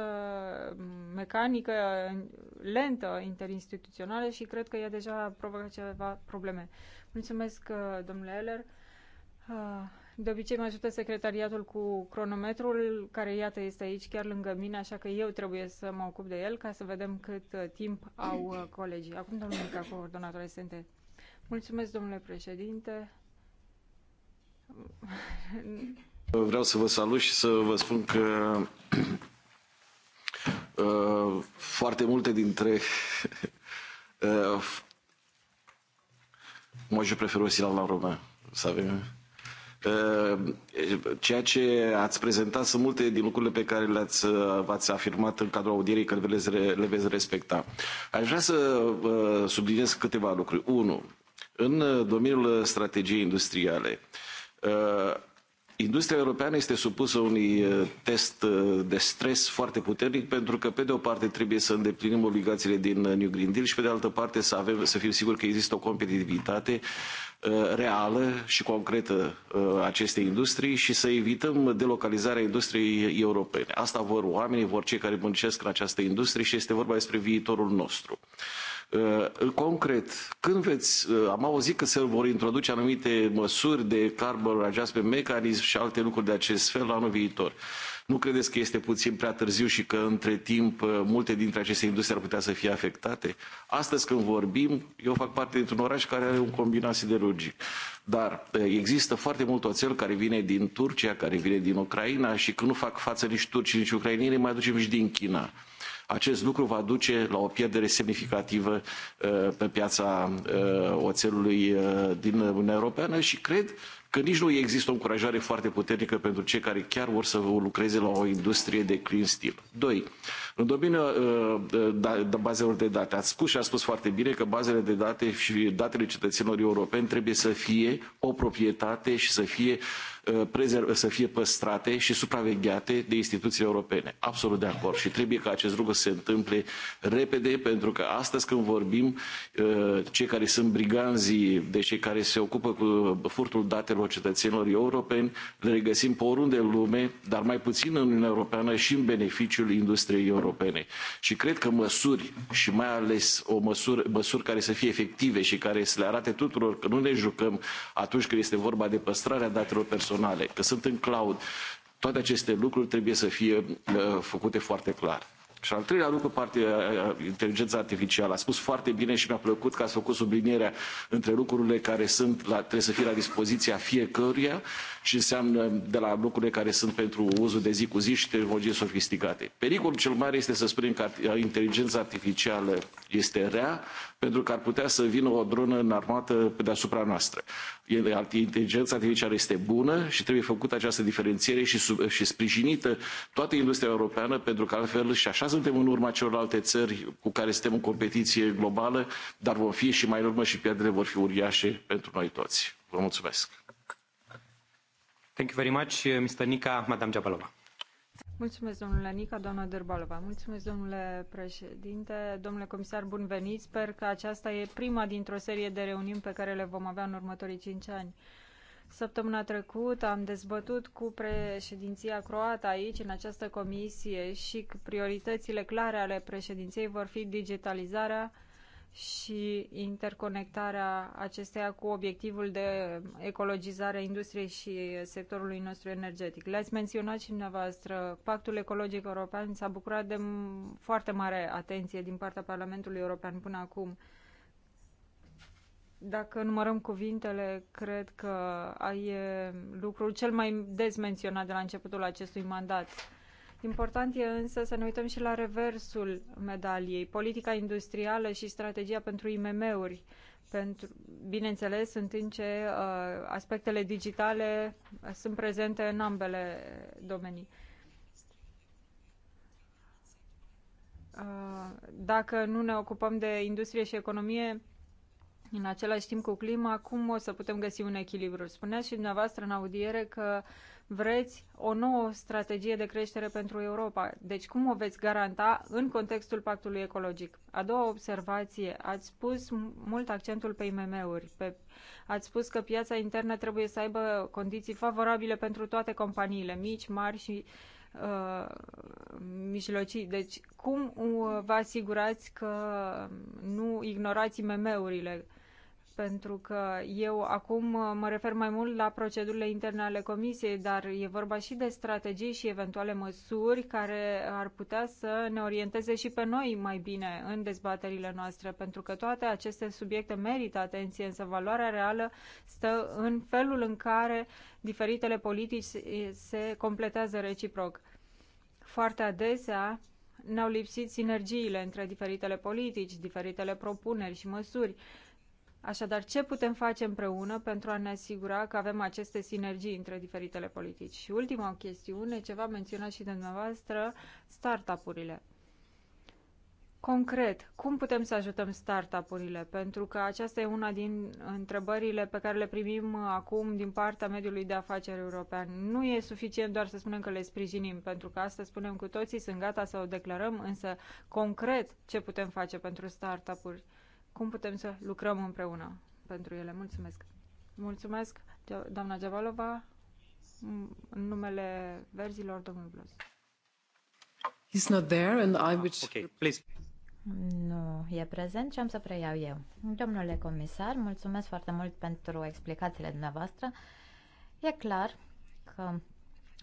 mecanică lentă interinstituțională și cred că ea deja provocă ceva probleme. Mulțumesc, uh, domnule Eller. Ah, de obicei mă ajută secretariatul cu cronometrul, care iată este aici chiar lângă mine, așa că eu trebuie să mă ocup de el ca să vedem cât uh, timp au uh, colegii. Acum, domnul Mica, coordonator SNT. Mulțumesc, domnule președinte. Vreau să vă salut și să vă spun că uh, foarte multe dintre Moi, je préfère aussi la langue romaine, vous savez. Ehm, ceea ce ați prezentat sunt multe din lucrurile pe care le-ați ați afirmat în cadrul audierii că le veți, le veți respecta. Aș vrea să subliniez câteva lucruri. Unu, în domeniul strategiei industriale, ehm, Industria europeană este supusă unui eh, test eh, de stres foarte puternic pentru că, pe de o parte, trebuie să îndeplinim obligațiile din New Green Deal și, pe de altă parte, să, avem, să fim siguri că există o competitivitate uh, Uh, reală și concretă uh, acestei industrii și să evităm delocalizarea industriei europene. Asta vor oamenii, vor cei care muncesc în această industrie și este vorba despre viitorul nostru. Uh, concret, când veți, am auzit că se vor introduce anumite măsuri de carbon adjustment mechanism și alte lucruri de acest fel la anul viitor. Nu credeți că este puțin prea târziu și că între timp uh, multe dintre aceste industrie ar putea să fie afectate? Astăzi când vorbim, eu fac parte dintr-un oraș care are un combinat siderurgic. Dar uh, există foarte mult oțel care vine din Turcia, care vine din Ucraina și când nu fac față nici turcii, nici ucrainieni, mai aducem și din China. Acest lucru va duce la o pierdere semnificativă uh, pe piața oțelului din Uniunea Europeană și cred că nici nu există o încurajare foarte puternică pentru cei care chiar vor să lucreze la o industrie de clean steel. Doi, în uh, uh, domeniul da, da, bazelor de date, ați spus și a spus foarte bine că bazele de date și datele cetățenilor europeni trebuie să fie o proprietate și să fie, uh, să fie păstrate și supravegheate de instituțiile europene. Absolut de acord și trebuie ca acest lucru să se întâmple repede pentru că astăzi când vorbim, cei care sunt briganzii de cei care se ocupă cu furtul datelor cetățenilor europeni, le regăsim pe oriunde în lume, dar mai puțin în Uniunea Europeană și în beneficiul industriei europene. Europene. Și cred că măsuri și mai ales o măsură, măsuri care să fie efective și care să le arate tuturor că nu ne jucăm atunci când este vorba de păstrarea datelor personale, că sunt în cloud, toate aceste lucruri trebuie să fie uh, făcute foarte clar. Și al treilea lucru, parte, uh, inteligența artificială. A spus foarte bine și mi-a plăcut că ați făcut sublinierea între lucrurile care sunt la, trebuie să fie la dispoziția fiecăruia și înseamnă de la lucrurile care sunt pentru uzul de zi cu zi și tehnologii sofisticate. Pericolul cel mare este să spunem că inteligența artificială este rea, pentru că ar putea să vină o dronă înarmată pe deasupra noastră. Inteligența artificială este bună și trebuie făcută această diferențiere și, sub, și sprijinită toată industria europeană, pentru că altfel și așa suntem în urma celorlalte țări cu care suntem în competiție globală, dar vom fi și mai în urmă și pierderile vor fi uriașe pentru noi toți. Vă mulțumesc! Uh, Mulțumesc, domnule Nica, doamna Dârbalova. Mulțumesc, domnule președinte, domnule comisar, bun venit. Sper că aceasta e prima dintr-o serie de reuniuni pe care le vom avea în următorii cinci ani. Săptămâna trecută am dezbătut cu președinția croată aici, în această comisie, și prioritățile clare ale președinției vor fi digitalizarea, și interconectarea acesteia cu obiectivul de ecologizare a industriei și sectorului nostru energetic. Le-ați menționat și dumneavoastră, Pactul Ecologic European s-a bucurat de foarte mare atenție din partea Parlamentului European până acum. Dacă numărăm cuvintele, cred că ai lucrul cel mai des menționat de la începutul acestui mandat Important e însă să ne uităm și la reversul medaliei, politica industrială și strategia pentru IMM-uri, pentru, bineînțeles, în timp ce uh, aspectele digitale uh, sunt prezente în ambele domenii. Uh, dacă nu ne ocupăm de industrie și economie în același timp cu clima, cum o să putem găsi un echilibru? Spuneați și dumneavoastră în audiere că uh, vreți o nouă strategie de creștere pentru Europa. Deci cum o veți garanta în contextul pactului ecologic? A doua observație. Ați pus mult accentul pe IMM-uri. Pe... Ați spus că piața internă trebuie să aibă condiții favorabile pentru toate companiile, mici, mari și uh, mijlocii. Deci cum uh, vă asigurați că nu ignorați IMM-urile? pentru că eu acum uh, mă refer mai mult la procedurile interne ale Comisiei, dar e vorba și de strategii și eventuale măsuri care ar putea să ne orienteze și pe noi mai bine în dezbaterile noastre, pentru că toate aceste subiecte merită atenție, însă valoarea reală stă în felul în care diferitele politici se completează reciproc. Foarte adesea, ne-au lipsit sinergiile între diferitele politici, diferitele propuneri și măsuri. Așadar, ce putem face împreună pentru a ne asigura că avem aceste sinergii între diferitele politici? Și ultima chestiune, ceva menționat și de dumneavoastră, startup-urile. Concret, cum putem să ajutăm startup-urile? Pentru că aceasta e una din întrebările pe care le primim acum din partea mediului de afaceri european. Nu e suficient doar să spunem că le sprijinim, pentru că asta spunem cu toții, sunt gata să o declarăm, însă concret ce putem face pentru startup-uri? cum putem să lucrăm împreună pentru ele. Mulțumesc! Mulțumesc, doamna Gevalova, în numele verzilor, domnul Blos. He's not there and I ah, would... Okay, please. Nu e prezent și am să preiau eu. Domnule comisar, mulțumesc foarte mult pentru explicațiile dumneavoastră. E clar că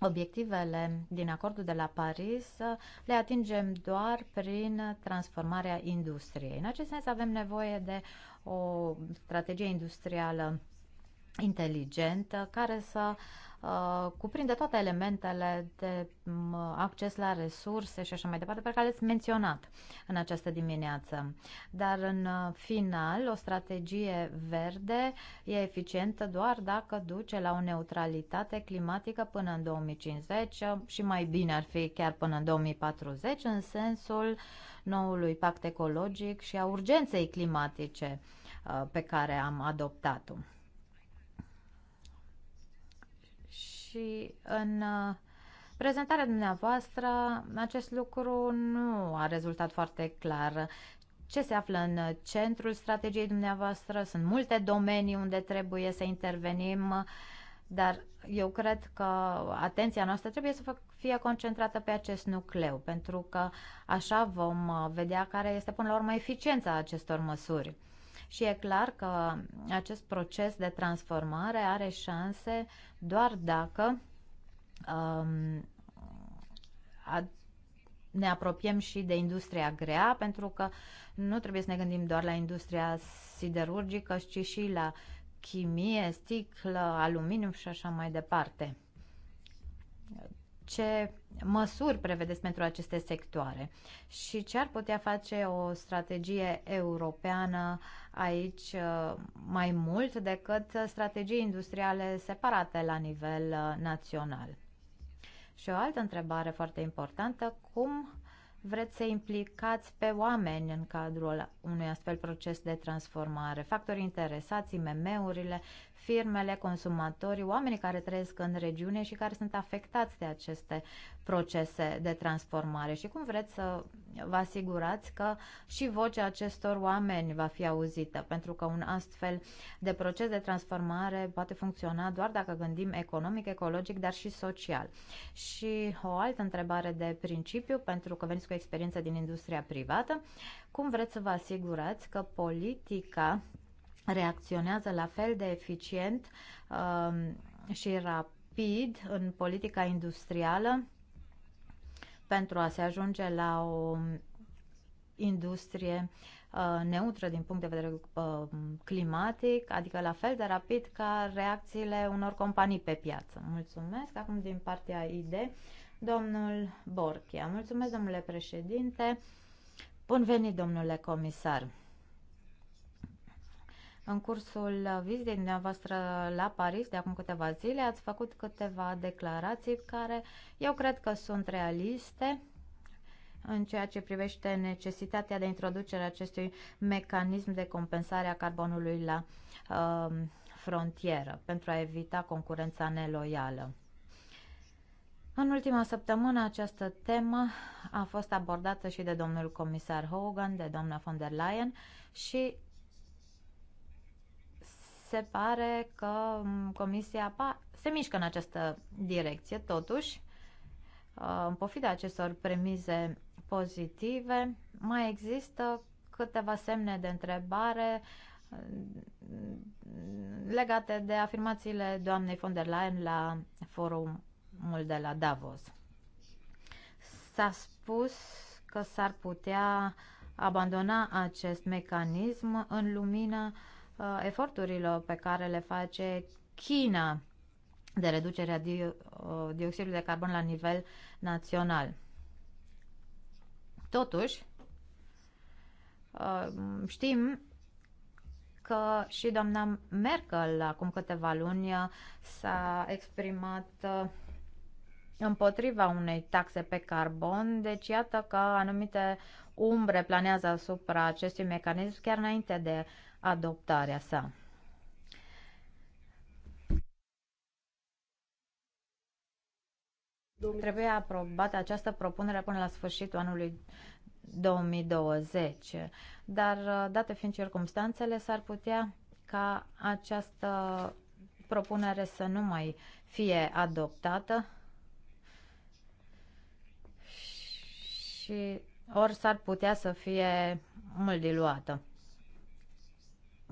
obiectivele din acordul de la Paris uh, le atingem doar prin transformarea industriei. În acest sens avem nevoie de o strategie industrială inteligentă care să uh, Uh, cuprinde toate elementele de acces la resurse și așa mai departe, pe care le-ați menționat în această dimineață. Dar în uh, final, o strategie verde e eficientă doar dacă duce la o neutralitate climatică până în 2050 uh, și mai bine ar fi chiar până în 2040 în sensul noului pact ecologic și a urgenței climatice pe care am adoptat-o. și în uh, prezentarea dumneavoastră acest lucru nu a rezultat foarte clar. Ce se află în centrul strategiei dumneavoastră? Sunt multe domenii unde trebuie să intervenim, dar eu cred că atenția noastră trebuie să fie concentrată pe acest nucleu, pentru că așa vom uh, vedea care este până la urmă eficiența acestor măsuri și e clar că acest proces de transformare are șanse doar dacă um, a, ne apropiem și de industria grea, pentru că nu trebuie să ne gândim doar la industria siderurgică, ci și la chimie, sticlă, aluminiu și așa mai departe. Ce măsuri prevedeți pentru aceste sectoare și ce ar putea face o strategie europeană uh, aici uh, mai mult decât strategii industriale separate la nivel uh, național. Și o altă întrebare foarte importantă, cum vreți să implicați pe oameni în cadrul unui astfel proces de transformare, factorii interesați, mm urile firmele, consumatorii, oamenii care trăiesc în regiune și care sunt afectați de aceste procese de transformare și cum vreți să vă asigurați că și vocea acestor oameni va fi auzită, pentru că un astfel de proces de transformare poate funcționa doar dacă gândim economic, ecologic, dar și social. Și o altă întrebare de principiu, pentru că veniți cu experiență din industria privată, cum vreți să vă asigurați că politica reacționează la fel de eficient um, și rapid în politica industrială pentru a se ajunge la o industrie uh, neutră din punct de vedere uh, climatic, adică la fel de rapid ca reacțiile unor companii pe piață. Mulțumesc. Acum din partea ID, domnul Borchia. Mulțumesc, domnule președinte. Bun venit, domnule comisar. În cursul vizitei dumneavoastră la Paris de acum câteva zile ați făcut câteva declarații care eu cred că sunt realiste în ceea ce privește necesitatea de introducere acestui mecanism de compensare a carbonului la uh, frontieră pentru a evita concurența neloială. În ultima săptămână această temă a fost abordată și de domnul comisar Hogan, de doamna von der Leyen și se pare că mm, Comisia se mișcă în această direcție, totuși, uh, în pofida acestor premize pozitive, mai există câteva semne de întrebare mm, legate de afirmațiile doamnei von der Leyen la forumul de la Davos. S-a spus că s-ar putea abandona acest mecanism în lumina uh, Uh, eforturilor pe care le face China de reducerea uh, dioxidului de carbon la nivel național. Totuși, uh, știm că și doamna Merkel acum câteva luni s-a exprimat împotriva unei taxe pe carbon, deci iată că anumite umbre planează asupra acestui mecanism chiar înainte de adoptarea sa. Trebuie aprobată această propunere până la sfârșitul anului 2020, dar date fiind circumstanțele, s-ar putea ca această propunere să nu mai fie adoptată și ori s-ar putea să fie mult diluată.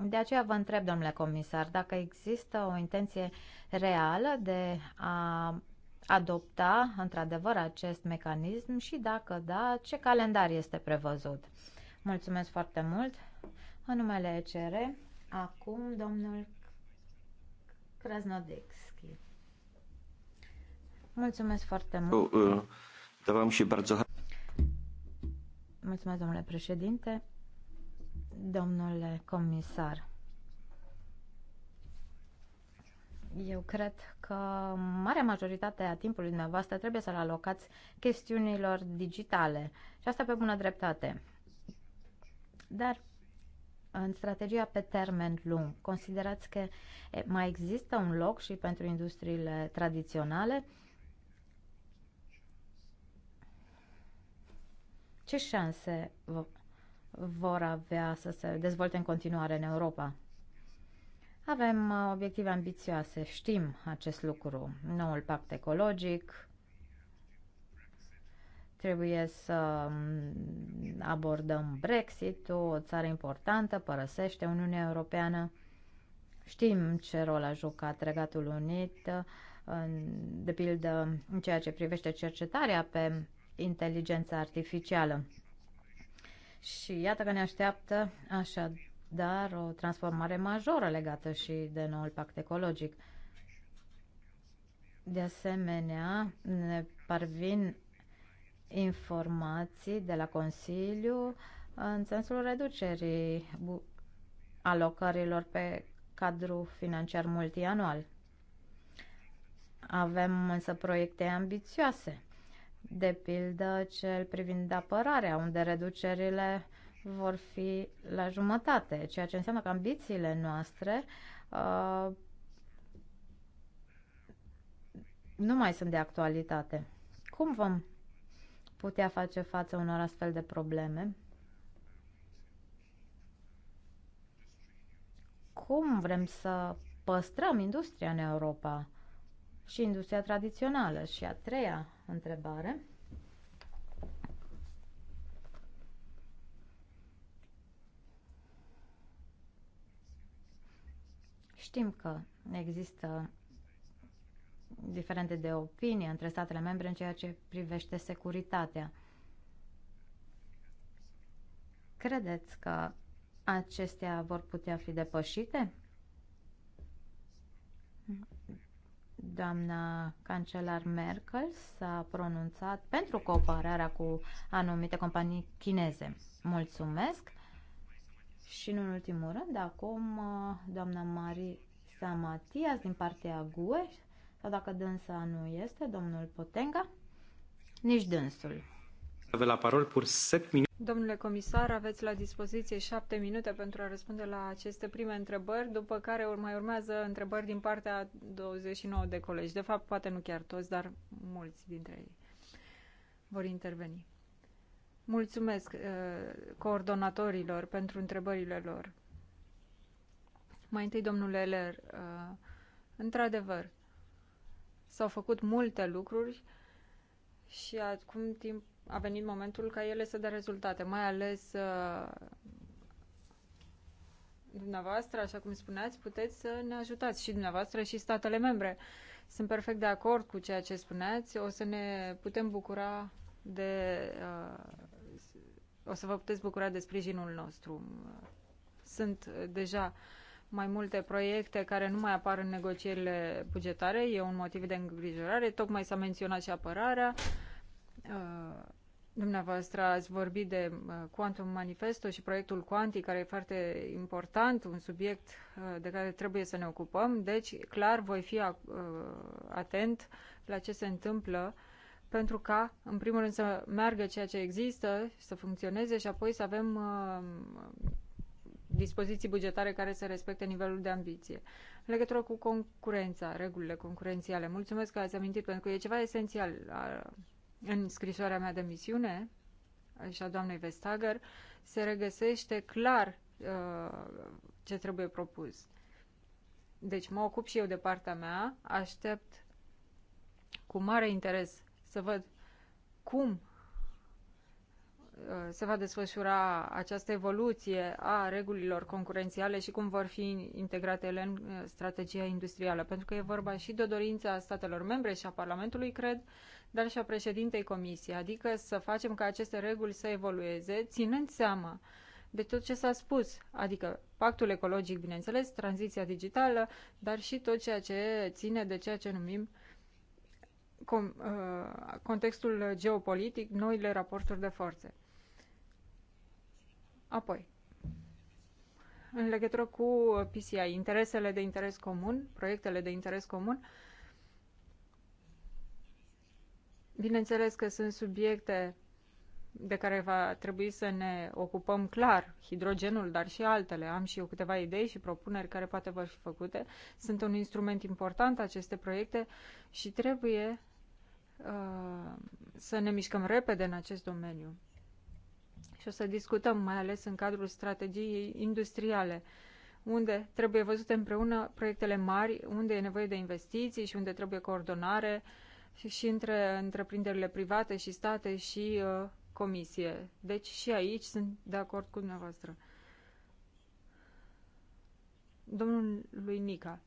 De aceea vă întreb, domnule comisar, dacă există o intenție reală de a adopta într-adevăr acest mecanism și dacă da, ce calendar este prevăzut. Mulțumesc foarte mult. În numele ECR, acum domnul Krasnodexki. Mulțumesc foarte mult. Uh, Mulțumesc, domnule președinte domnule comisar. Eu cred că marea majoritate a timpului dumneavoastră trebuie să-l alocați chestiunilor digitale și asta pe bună dreptate. Dar în strategia pe termen lung, considerați că mai există un loc și pentru industriile tradiționale? Ce șanse vor avea să se dezvolte în continuare în Europa. Avem uh, obiective ambițioase, știm acest lucru. Noul pact ecologic trebuie să um, abordăm Brexit, o țară importantă părăsește Uniunea Europeană. Știm ce rol a jucat Regatul Unit, uh, de pildă în ceea ce privește cercetarea pe inteligența artificială. Și iată că ne așteaptă așadar o transformare majoră legată și de noul pact ecologic. De asemenea, ne parvin informații de la Consiliu în sensul reducerii alocărilor pe cadru financiar multianual. Avem însă proiecte ambițioase de pildă cel privind apărarea, unde reducerile vor fi la jumătate, ceea ce înseamnă că ambițiile noastre uh, nu mai sunt de actualitate. Cum vom putea face față unor astfel de probleme? Cum vrem să păstrăm industria în Europa și industria tradițională? Și a treia întrebare. Știm că există diferente de opinie între statele membre în ceea ce privește securitatea. Credeți că acestea vor putea fi depășite? doamna cancelar Merkel s-a pronunțat pentru cooperarea cu anumite companii chineze. Mulțumesc! Și în ultimul rând, acum uh, doamna Marie Samatias din partea GUE, sau dacă dânsa nu este, domnul Potenga, nici dânsul. Domnule comisar, aveți la dispoziție șapte minute pentru a răspunde la aceste prime întrebări, după care mai urmează întrebări din partea 29 de colegi. De fapt, poate nu chiar toți, dar mulți dintre ei vor interveni. Mulțumesc uh, coordonatorilor pentru întrebările lor. Mai întâi, domnule Eler, uh, într-adevăr, s-au făcut multe lucruri și acum timp a venit momentul ca ele să dea rezultate, mai ales uh, dumneavoastră, așa cum spuneați, puteți să ne ajutați și dumneavoastră și statele membre. Sunt perfect de acord cu ceea ce spuneați. O să ne putem bucura de. Uh, o să vă puteți bucura de sprijinul nostru. Sunt deja mai multe proiecte care nu mai apar în negocierile bugetare. E un motiv de îngrijorare. Tocmai s-a menționat și apărarea. Uh, Dumneavoastră ați vorbit de uh, Quantum Manifesto și proiectul Quantic, care e foarte important, un subiect uh, de care trebuie să ne ocupăm. Deci, clar, voi fi uh, atent la ce se întâmplă pentru ca, în primul rând, să meargă ceea ce există, să funcționeze și apoi să avem dispoziții bugetare care să respecte nivelul de ambiție. În legătură cu concurența, regulile concurențiale, mulțumesc că ați amintit, pentru că e ceva esențial în scrisoarea mea de misiune și a doamnei Vestager, se regăsește clar uh, ce trebuie propus. Deci mă ocup și eu de partea mea, aștept cu mare interes să văd cum uh, se va desfășura această evoluție a regulilor concurențiale și cum vor fi integrate ele în uh, strategia industrială. Pentru că e vorba și de dorința statelor membre și a Parlamentului, cred, dar și a președintei comisiei, adică să facem ca aceste reguli să evolueze, ținând seama de tot ce s-a spus, adică pactul ecologic, bineînțeles, tranziția digitală, dar și tot ceea ce ține de ceea ce numim com, uh, contextul geopolitic, noile raporturi de forțe. Apoi, în legătură cu PCI, interesele de interes comun, proiectele de interes comun, uh, Bineînțeles că sunt subiecte de care va trebui să ne ocupăm clar, hidrogenul, dar și altele. Am și eu câteva idei și propuneri care poate vor fi făcute. Sunt un instrument important aceste proiecte și trebuie uh, să ne mișcăm repede în acest domeniu. Și o să discutăm mai ales în cadrul strategiei industriale, unde trebuie văzute împreună proiectele mari, unde e nevoie de investiții și unde trebuie coordonare uh, și între întreprinderile private și state și uh, comisie. Deci și aici sunt de acord cu dumneavoastră. Domnul lui Nica,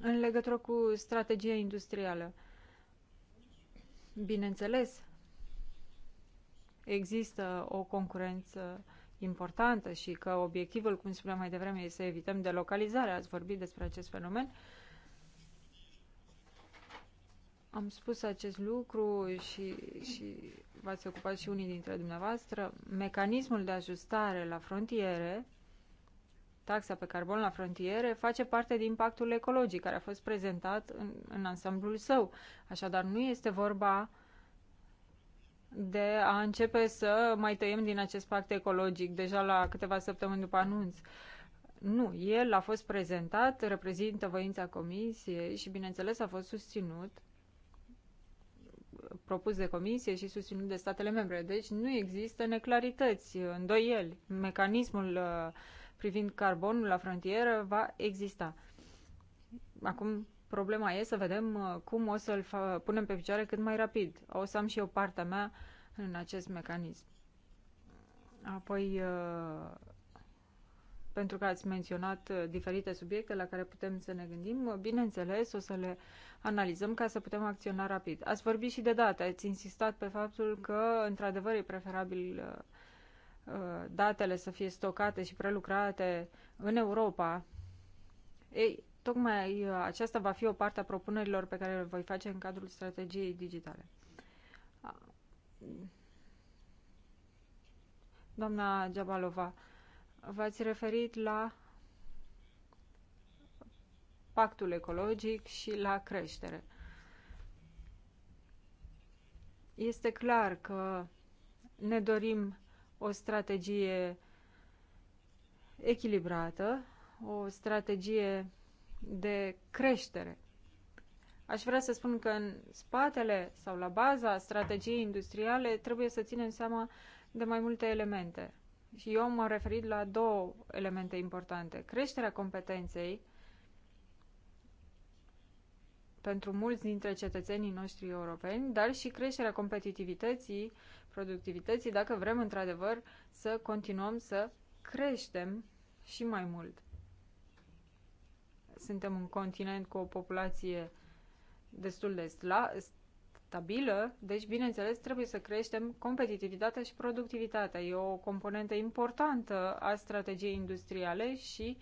în legătură cu strategia industrială, bineînțeles, există o concurență importantă și că obiectivul, cum spuneam mai devreme, este să evităm delocalizarea. Ați vorbit despre acest fenomen. Uh, am spus acest lucru și, și v-ați ocupat și unii dintre dumneavoastră. Mecanismul de ajustare la frontiere, taxa pe carbon la frontiere, face parte din pactul ecologic care a fost prezentat în, în ansamblul său. Așadar, nu este vorba de a începe să mai tăiem din acest pact ecologic deja la câteva săptămâni după anunț. Nu, el a fost prezentat, reprezintă voința comisiei și, bineînțeles, a fost susținut propus de comisie și susținut de statele membre. Deci nu există neclarități, îndoieli. Mecanismul uh, privind carbonul la frontieră va exista. Acum problema e să vedem uh, cum o să-l punem pe picioare cât mai rapid. O să am și eu partea mea în acest mecanism. Apoi uh, pentru că ați menționat uh, diferite subiecte la care putem să ne gândim. Uh, bineînțeles, o să le analizăm ca să putem acționa rapid. Ați vorbit și de date, ați insistat pe faptul că, într-adevăr, e preferabil uh, datele să fie stocate și prelucrate în Europa. Ei, tocmai aceasta va fi o parte a propunerilor pe care le voi face în cadrul strategiei digitale. Doamna Jabalova, V-ați referit la pactul ecologic și la creștere. Este clar că ne dorim o strategie echilibrată, o strategie de creștere. Aș vrea să spun că în spatele sau la baza strategiei industriale trebuie să ținem seama de mai multe elemente. Și eu m-am referit la două elemente importante. Creșterea competenței pentru mulți dintre cetățenii noștri europeni, dar și creșterea competitivității, productivității, dacă vrem într-adevăr să continuăm să creștem și mai mult. Suntem un continent cu o populație destul de stabilă, deci, bineînțeles, trebuie să creștem competitivitatea și productivitatea. E o componentă importantă a strategiei industriale și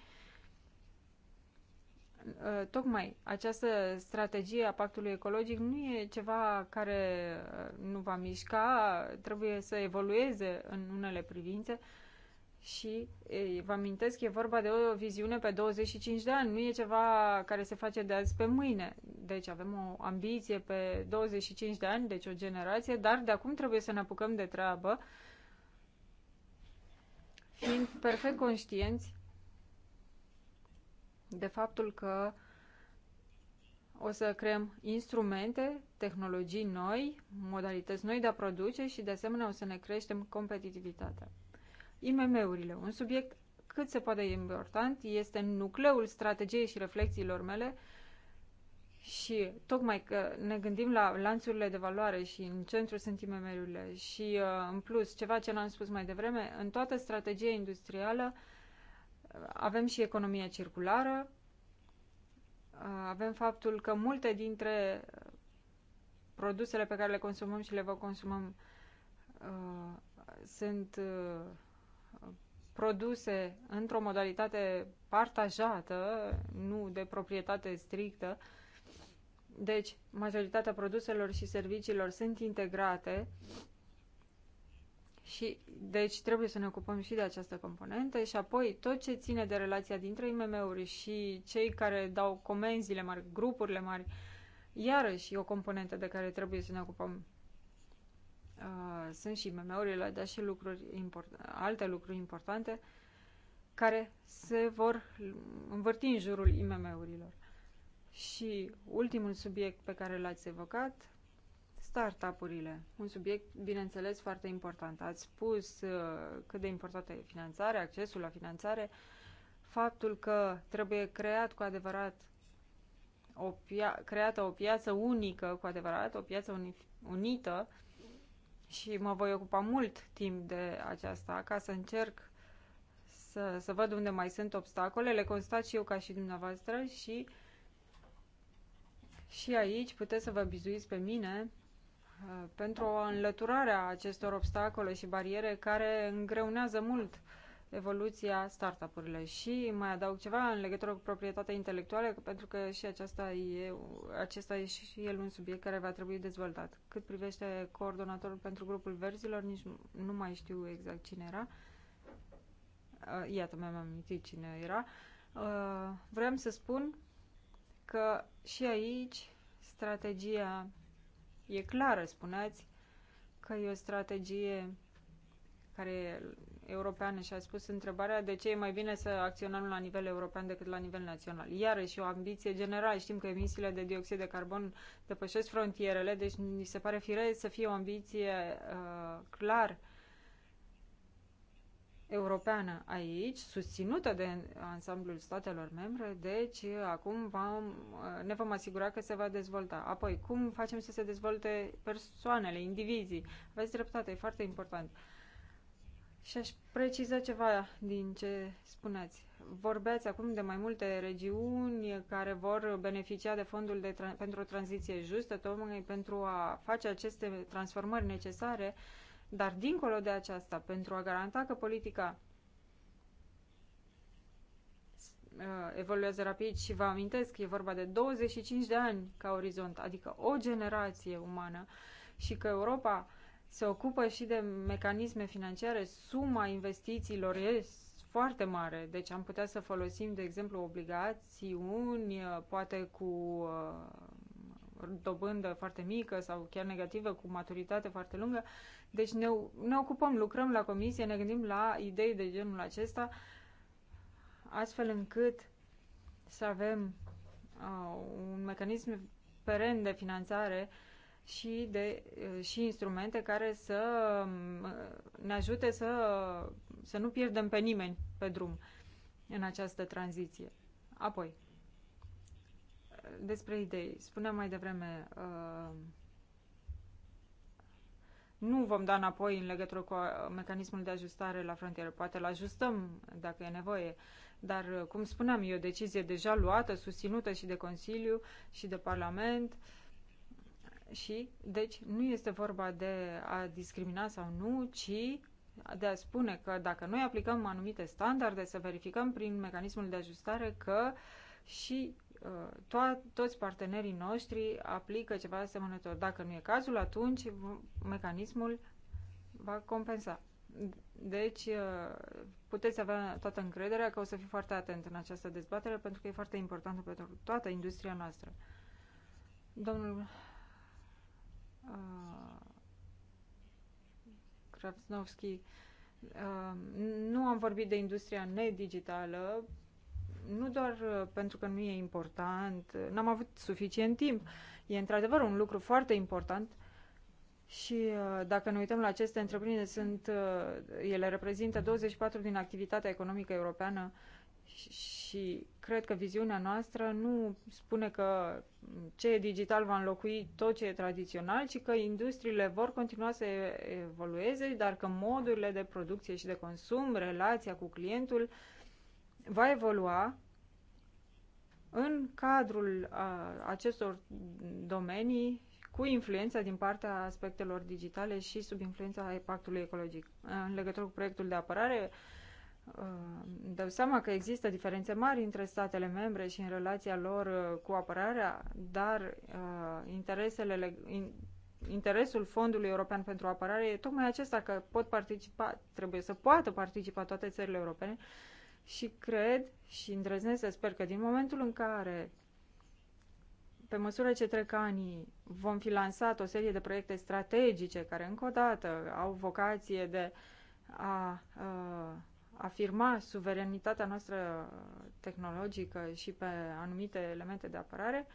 uh, tocmai această strategie a pactului ecologic nu e ceva care uh, nu va mișca, trebuie să evolueze în unele privințe, și vă amintesc, e vorba de o viziune pe 25 de ani, nu e ceva care se face de azi pe mâine. Deci avem o ambiție pe 25 de ani, deci o generație, dar de acum trebuie să ne apucăm de treabă, fiind perfect conștienți de faptul că o să creăm instrumente, tehnologii noi, modalități noi de a produce și de asemenea o să ne creștem competitivitatea. IMM-urile. Un subiect cât se poate important, este nucleul strategiei și reflexiilor mele și tocmai că ne gândim la lanțurile de valoare și în centru sunt IMM-urile și uh, în plus, ceva ce l-am spus mai devreme, în toată strategia industrială uh, avem și economia circulară, uh, avem faptul că multe dintre produsele pe care le consumăm și le vă consumăm sunt uh, produse într-o modalitate partajată, nu de proprietate strictă. Deci, majoritatea produselor și serviciilor sunt integrate și, deci, trebuie să ne ocupăm și de această componentă și apoi tot ce ține de relația dintre IMM-uri și cei care dau comenzile mari, grupurile mari, iarăși e o componentă de care trebuie să ne ocupăm Uh, sunt și MMO-urile, dar și lucruri alte lucruri importante care se vor învârti în jurul IMM-urilor. Și ultimul subiect pe care l-ați evocat, startup-urile. Un subiect, bineînțeles, foarte important. Ați spus uh, cât de importantă e finanțarea, accesul la finanțare, faptul că trebuie creat cu adevărat o pia- creată o piață unică, cu adevărat, o piață uni- unită și mă voi ocupa mult timp de aceasta ca să încerc să, să văd unde mai sunt obstacole, le constat și eu ca și dumneavoastră și și aici puteți să vă bizuiți pe mine uh, pentru înlăturarea acestor obstacole și bariere care îngreunează mult uh, evoluția startup urilor Și mai adaug ceva în legătură cu proprietatea intelectuală, pentru că și aceasta e, acesta e și el un subiect care va trebui dezvoltat. Cât privește coordonatorul pentru grupul verzilor, nici nu mai știu exact cine era. Uh, iată, mi-am amintit cine era. Uh, vreau să spun că și aici strategia e clară, spuneați, că e o strategie care Europeană și a spus întrebarea de ce e mai bine să acționăm la nivel european decât la nivel național. Iarăși o ambiție generală. Știm că emisiile de dioxid de carbon depășesc frontierele, deci mi se pare firesc să fie o ambiție uh, clar europeană aici, susținută de ansamblul statelor membre, deci uh, acum vom, uh, ne vom asigura că se va dezvolta. Apoi, cum facem să se dezvolte persoanele, indivizii? Aveți dreptate, e foarte important. Uh, și aș preciza ceva din ce spuneați. Vorbeați acum de mai multe regiuni care vor beneficia de fondul de tra- pentru o tranziție justă, tocmai pentru a face aceste transformări necesare, dar dincolo de aceasta, pentru a garanta că politica uh, evoluează rapid și vă amintesc, e vorba de 25 de ani ca orizont, adică o generație umană și că Europa se ocupă și de mecanisme financiare, suma investițiilor este foarte mare, deci am putea să folosim, de exemplu, obligațiuni, uh, poate cu uh, dobândă foarte mică sau chiar negativă, cu maturitate foarte lungă. Deci ne, ne ocupăm, lucrăm la comisie, ne gândim la idei de genul acesta, astfel încât să avem uh, un mecanism peren de finanțare uh, și, de, eh, și instrumente care să mm, ne ajute să, să nu pierdem pe nimeni pe drum în această tranziție. Apoi, despre idei. Spuneam mai devreme, eh, nu vom da înapoi în legătură cu eh, mecanismul de ajustare la frontieră. Poate îl ajustăm dacă e nevoie, dar, cum spuneam, e o decizie deja luată, susținută și de Consiliu și de Parlament. Uh, și, deci, nu este vorba de a discrimina sau nu, ci de a spune că dacă noi aplicăm anumite standarde, să verificăm prin mecanismul de ajustare că și uh, to- toți partenerii noștri aplică ceva asemănător. Dacă nu e cazul, atunci mecanismul va compensa. Deci, uh, puteți avea toată încrederea că o să fiu foarte atent în această dezbatere pentru că e foarte importantă pentru toată industria noastră. Domnul Uh, uh, nu am vorbit de industria nedigitală, nu doar uh, pentru că nu e important, n-am avut suficient timp. E într-adevăr un lucru foarte important și uh, dacă ne uităm la aceste întreprinderi, sunt, ele reprezintă 24 din activitatea economică europeană și cred că viziunea noastră nu spune că ce e digital va înlocui tot ce e tradițional, ci că industriile vor continua să evolueze, dar că modurile de producție și de consum, relația cu clientul va evolua în cadrul acestor domenii cu influența din partea aspectelor digitale și sub influența impactului ecologic. În legătură cu proiectul de apărare, uh, Uh, dau seama că există diferențe mari între statele membre și în relația lor uh, cu apărarea, dar uh, interesele, interesul Fondului European pentru Apărare e tocmai acesta că pot participa, trebuie să poată participa toate țările europene și cred și îndrăznesc să sper că din momentul în care pe măsură ce trec anii, vom fi lansat o serie de proiecte strategice care, încă o dată, au vocație de a, a afirma suveranitatea noastră tehnologică și pe anumite elemente de apărare,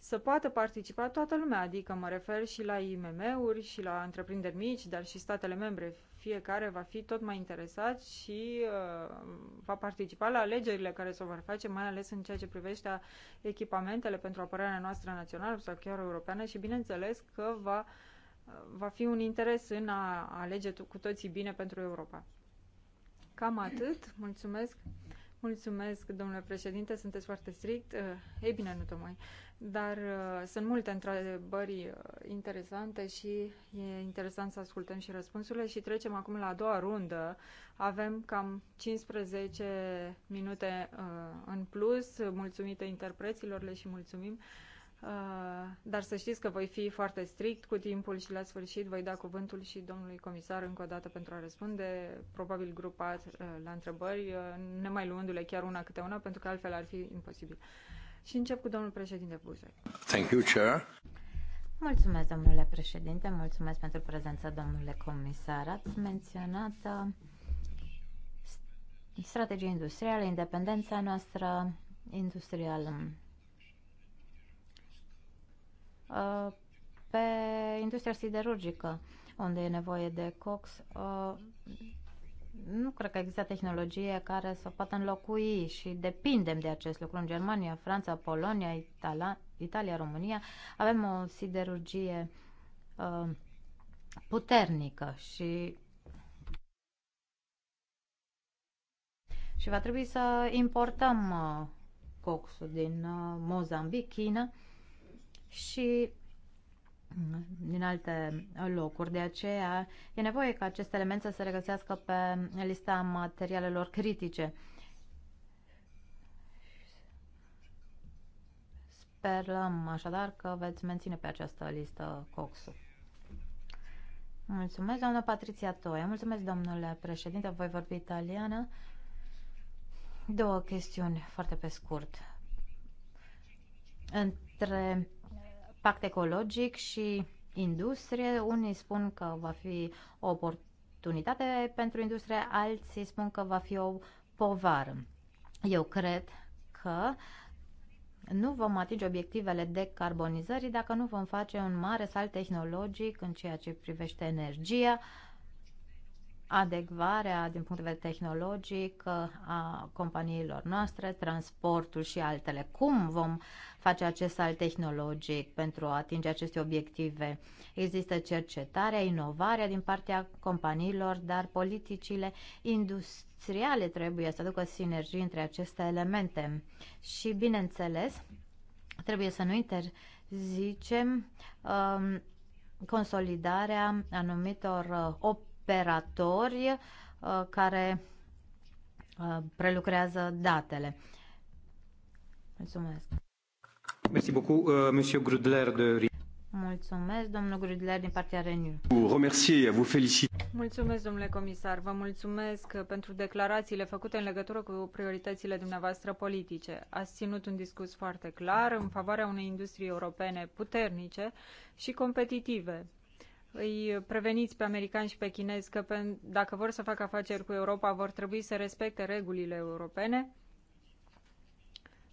să poată participa toată lumea, adică mă refer și la IMM-uri și la întreprinderi mici, dar și statele membre. Fiecare va fi tot mai interesat și uh, va participa la alegerile care se vor face, mai ales în ceea ce privește echipamentele pentru apărarea noastră națională sau chiar europeană și bineînțeles că va, va fi un interes în a alege cu toții bine pentru Europa. Cam atât. Mulțumesc. Mulțumesc, domnule președinte, sunteți foarte strict. Eh, ei bine, nu tocmai. Dar eh, sunt multe întrebări eh, interesante și e interesant să ascultăm și răspunsurile și trecem acum la a doua rundă. Avem cam 15 minute în plus, mulțumită interpreților, le și mulțumim. Uh, dar să știți că voi fi foarte strict cu timpul și la sfârșit voi da cuvântul și domnului comisar încă o dată pentru a răspunde, probabil grupat uh, la întrebări, uh, nemai luându-le chiar una câte una, pentru că altfel ar fi imposibil. Și încep cu domnul președinte Buzek. Thank you, Chair. Mulțumesc, domnule președinte, mulțumesc pentru prezența, domnule comisar. Ați menționat strategia industrială, independența noastră industrială pe industria siderurgică, unde e nevoie de COX. Nu cred că există tehnologie care să poată înlocui și depindem de acest lucru. În Germania, Franța, Polonia, Italia, Italia, România avem o siderurgie uh, puternică și și va trebui să importăm uh, coxul din uh, Mozambic, China și din alte locuri. De aceea e nevoie ca acest element să se regăsească pe lista materialelor critice. Sperăm așadar că veți menține pe această listă -ul. Mulțumesc, doamna Patriția Toia. Mulțumesc, domnule președinte. Voi vorbi italiană. Două chestiuni foarte pe scurt. Între pact ecologic și industrie. Unii spun că va fi o oportunitate pentru industrie, alții spun că va fi o povară. Eu cred că nu vom atinge obiectivele decarbonizării dacă nu vom face un mare salt tehnologic în ceea ce privește energia, uh, adecvarea din punct de vedere tehnologic uh, a companiilor noastre, transportul și altele. Cum vom face acest salt tehnologic pentru a atinge aceste obiective? Există cercetarea, inovarea din partea companiilor, dar politicile industriale trebuie să aducă sinergii între aceste elemente. Și, bineînțeles, trebuie să nu interzicem um, consolidarea anumitor uh, operatori uh, care uh, prelucrează datele. Mulțumesc. Merci beaucoup, uh, Monsieur Grudler de Mulțumesc, domnul Grudler, din partea Renew. Remercier, vă felicit. Mulțumesc, domnule comisar. Vă mulțumesc uh, pentru declarațiile făcute în legătură cu prioritățile dumneavoastră politice. Ați ținut un discurs foarte clar în favoarea unei industrii europene puternice și competitive, îi preveniți pe americani și pe chinezi că pe, dacă vor să facă afaceri cu Europa vor trebui să respecte regulile europene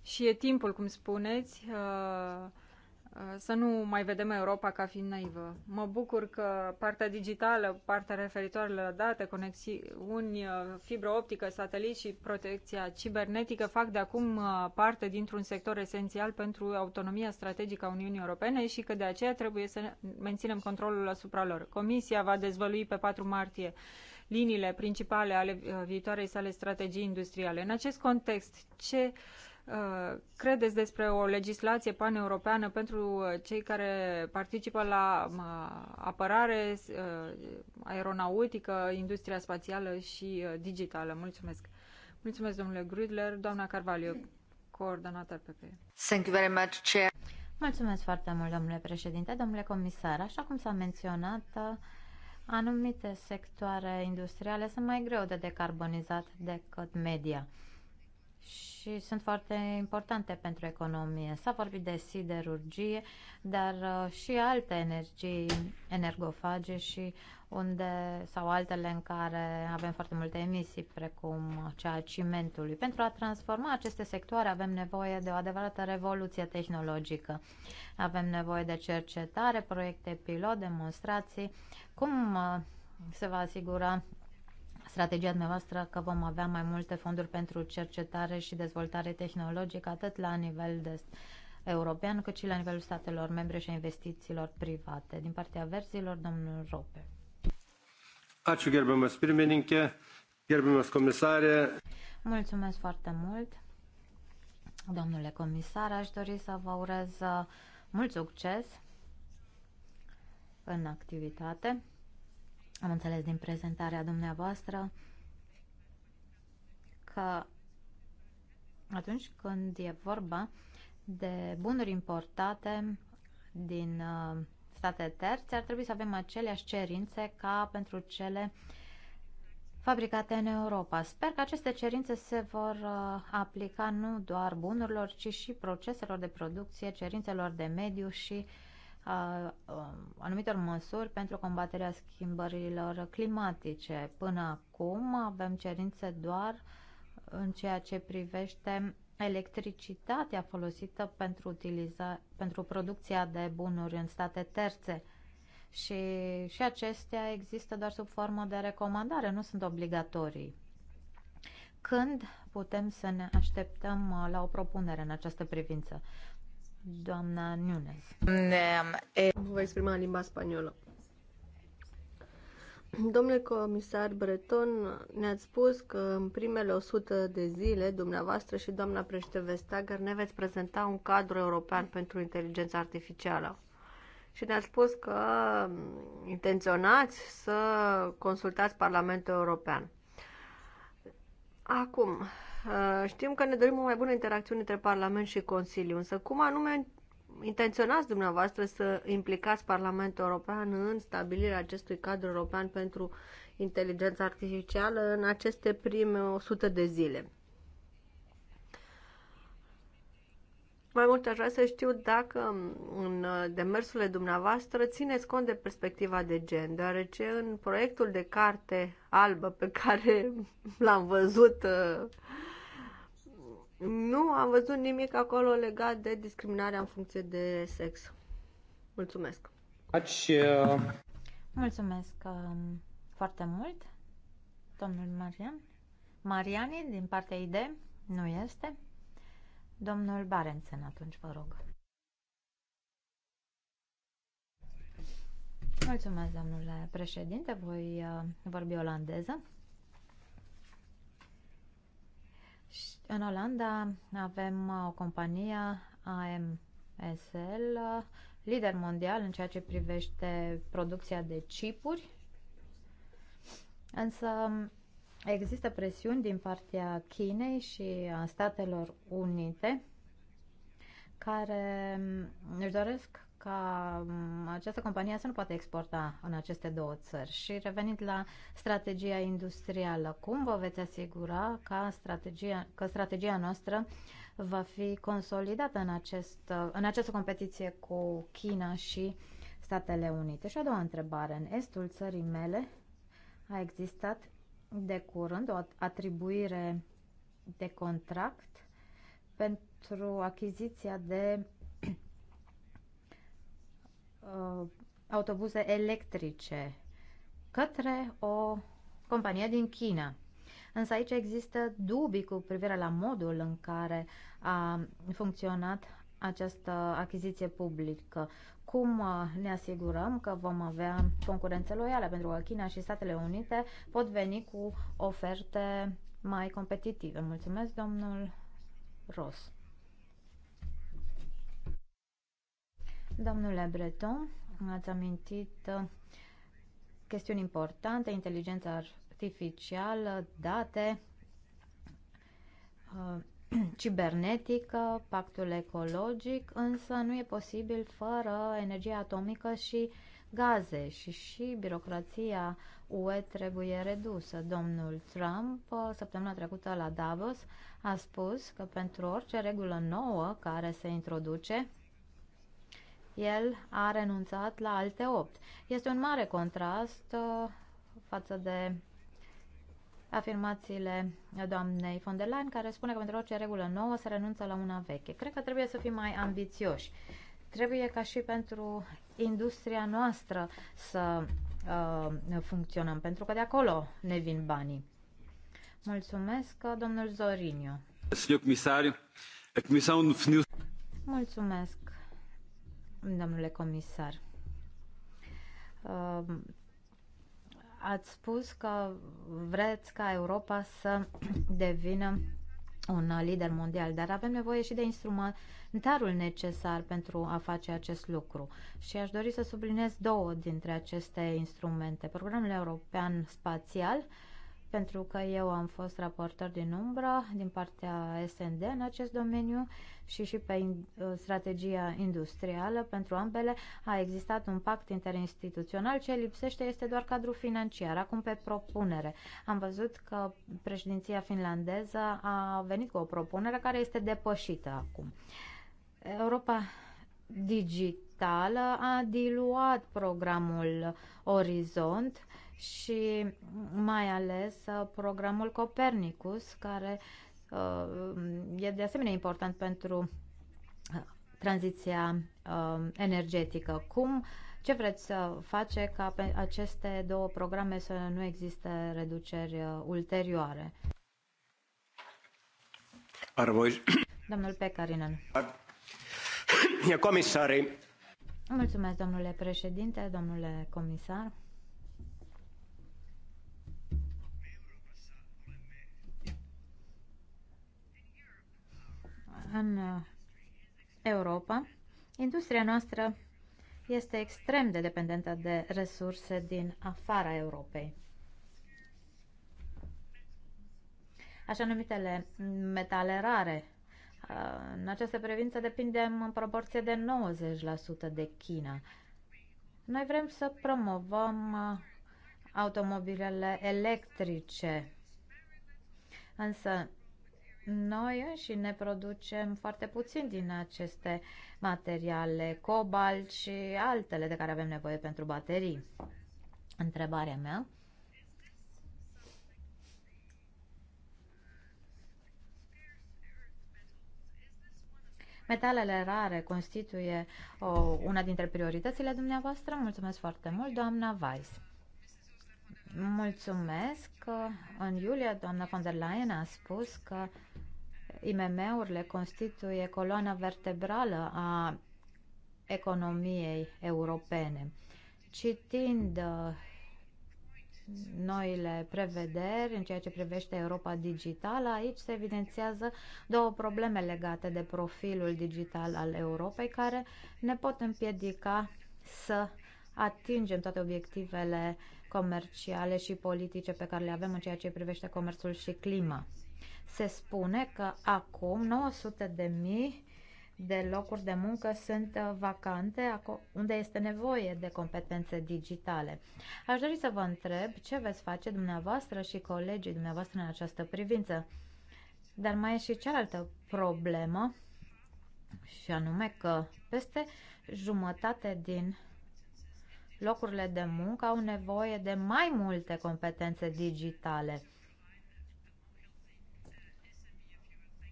și e timpul, cum spuneți, uh, Uh, să nu mai vedem Europa ca fiind naivă. Mă bucur că partea digitală, partea referitoare la date, conexiuni, uh, fibră optică, satelit și protecția cibernetică fac de acum uh, parte dintr-un sector esențial pentru autonomia strategică a Uniunii Europene și că de aceea trebuie să menținem controlul asupra lor. Comisia va dezvălui pe 4 martie liniile principale ale viitoarei sale strategii industriale. În acest context, ce uh, Uh, credeți despre o legislație paneuropeană pentru uh, cei care participă la uh, apărare, aeronautică, industria spațială și digitală? Mulțumesc! Mulțumesc, domnule Grudler. Doamna Carvalho, coordonator PP. Thank you very much, Chair. Mulțumesc foarte mult, domnule președinte, domnule comisar. Așa cum s-a menționat, anumite sectoare industriale sunt mai greu de decarbonizat decât media și sunt foarte importante pentru economie. S-a vorbit de siderurgie, dar uh, și alte energii energofage și unde sau altele în care avem foarte multe emisii, precum cea a cimentului. Pentru a transforma aceste sectoare avem nevoie de o adevărată revoluție tehnologică. Avem nevoie de cercetare, proiecte pilot, demonstrații, cum uh, se va asigura strategia dumneavoastră că vom avea mai multe fonduri pentru cercetare și dezvoltare tehnologică, atât la nivel de european, cât și la nivelul statelor membre și a investițiilor private. Din partea verzilor, domnul Rope. Ačiū, gerbiamas pirmininkė, gerbiamas komisarė. Mulțumesc foarte mult. Domnule comisar, aș dori să vă urez uh, mult succes în activitate. Am înțeles din prezentarea dumneavoastră că atunci când e vorba de bunuri importate din uh, state terțe, ar trebui să avem aceleași cerințe ca pentru cele fabricate în Europa. Sper că aceste cerințe se vor uh, aplica nu doar bunurilor, ci și proceselor de producție, cerințelor de mediu și uh, a um, anumitor măsuri pentru combaterea schimbărilor climatice. Până acum avem cerințe doar în ceea ce privește electricitatea folosită pentru, utiliza, pentru producția de bunuri în state terțe. Și, și acestea există doar sub formă de recomandare, nu sunt obligatorii. Când putem să ne așteptăm uh, la o propunere în această privință? Doamna Nunes. Voi exprima în limba spaniolă. Domnule comisar Breton, ne-ați spus că în primele 100 de zile, dumneavoastră și doamna președinte Vestager, ne veți prezenta un cadru european pentru inteligența artificială. Și ne-ați spus că intenționați să consultați Parlamentul European. Acum, Uh, știm că ne dorim o mai bună interacțiune între Parlament și Consiliu, însă cum anume intenționați dumneavoastră să implicați Parlamentul European în stabilirea acestui cadru european pentru inteligența artificială în aceste prime 100 de zile? Mai mult aș vrea să știu dacă în demersurile dumneavoastră țineți cont de perspectiva de gen, deoarece în proiectul de carte albă pe care l-am văzut uh, nu am văzut nimic acolo legat de discriminarea în funcție de sex. Mulțumesc! Uh, Mulțumesc uh, foarte mult, domnul Marian. Mariani, din partea ID, nu este. Domnul Barențen, atunci vă rog. Mulțumesc, domnule președinte. Voi uh, vorbi olandeză. În Olanda avem uh, o companie AMSL, uh, lider mondial în ceea ce privește producția de chipuri, însă um, există presiuni din partea Chinei și a Statelor Unite care um, își doresc ca această companie să nu poate exporta în aceste două țări? Și revenind la strategia industrială, cum vă veți asigura ca strategia, că strategia noastră va fi consolidată în, acest, în această competiție cu China și Statele Unite? Și a doua întrebare, în estul țării mele a existat de curând o atribuire de contract pentru achiziția de autobuze electrice către o companie din China. Însă aici există dubii cu privire la modul în care a funcționat această achiziție publică. Cum uh, ne asigurăm că vom avea concurență loială? Pentru că China și Statele Unite pot veni cu oferte mai competitive. Mulțumesc, domnul Ross. Domnule Breton, ați amintit uh, chestiuni importante, inteligența artificială, date, uh, cibernetică, pactul ecologic, însă nu e posibil fără energie atomică și gaze și și birocrația UE trebuie redusă. Domnul Trump, uh, săptămâna trecută la Davos, a spus că pentru orice regulă nouă care se introduce, el a renunțat la alte opt. Este un mare contrast uh, față de afirmațiile doamnei von der Leyen, care spune că pentru orice regulă nouă se renunță la una veche. Cred că trebuie să fim mai ambițioși. Trebuie ca și pentru industria noastră să uh, funcționăm, pentru că de acolo ne vin banii. Mulțumesc, uh, domnul Zorinio. Mulțumesc domnule comisar. Uh, ați spus că vreți ca Europa să devină un lider mondial, dar avem nevoie și de instrumentarul necesar pentru a face acest lucru. Și aș dori să subliniez două dintre aceste instrumente. Programul European Spațial uh, pentru că eu am fost raportor din umbră din partea SND în acest domeniu și și pe uh, strategia industrială pentru ambele a existat un pact interinstituțional ce lipsește este doar cadrul financiar. Acum pe propunere. Am văzut că președinția finlandeză a venit cu o propunere care este depășită acum. Europa digitală a diluat programul Orizont și mai ales uh, programul Copernicus, care uh, e de asemenea important pentru uh, tranziția energetică. Cum, ce vreți să face ca pe aceste două programe să nu existe reduceri ulterioare? Arvois. Domnul Pecarinen. Ja komissaari. Mulțumesc, domnule președinte, domnule comisar. în Europa, industria noastră este extrem de dependentă de resurse din afara Europei. Așa numitele metale rare. Uh, în această privință depindem în proporție de 90% de China. Noi vrem să promovăm uh, automobilele electrice, însă noi și ne producem foarte puțin din aceste materiale, cobalt și altele de care avem nevoie pentru baterii. Întrebarea mea Metalele rare constituie o, una dintre prioritățile dumneavoastră. Mulțumesc foarte mult, doamna Weiss. Mulțumesc. În iulie, doamna von der Leyen a spus că IMM-urile constituie coloana vertebrală a economiei europene. Citind uh, noile prevederi în ceea ce privește Europa digitală, aici se evidențiază două probleme legate de profilul digital al Europei care ne pot împiedica să atingem toate obiectivele comerciale și politice pe care le avem în ceea ce privește comerțul și clima. Se spune că acum 900 de mii de locuri de muncă sunt uh, vacante unde este nevoie de competențe digitale. Aș dori să vă întreb ce veți face dumneavoastră și colegii dumneavoastră în această privință. Dar mai e și cealaltă problemă, și anume că peste jumătate din locurile de muncă au nevoie de mai multe competențe digitale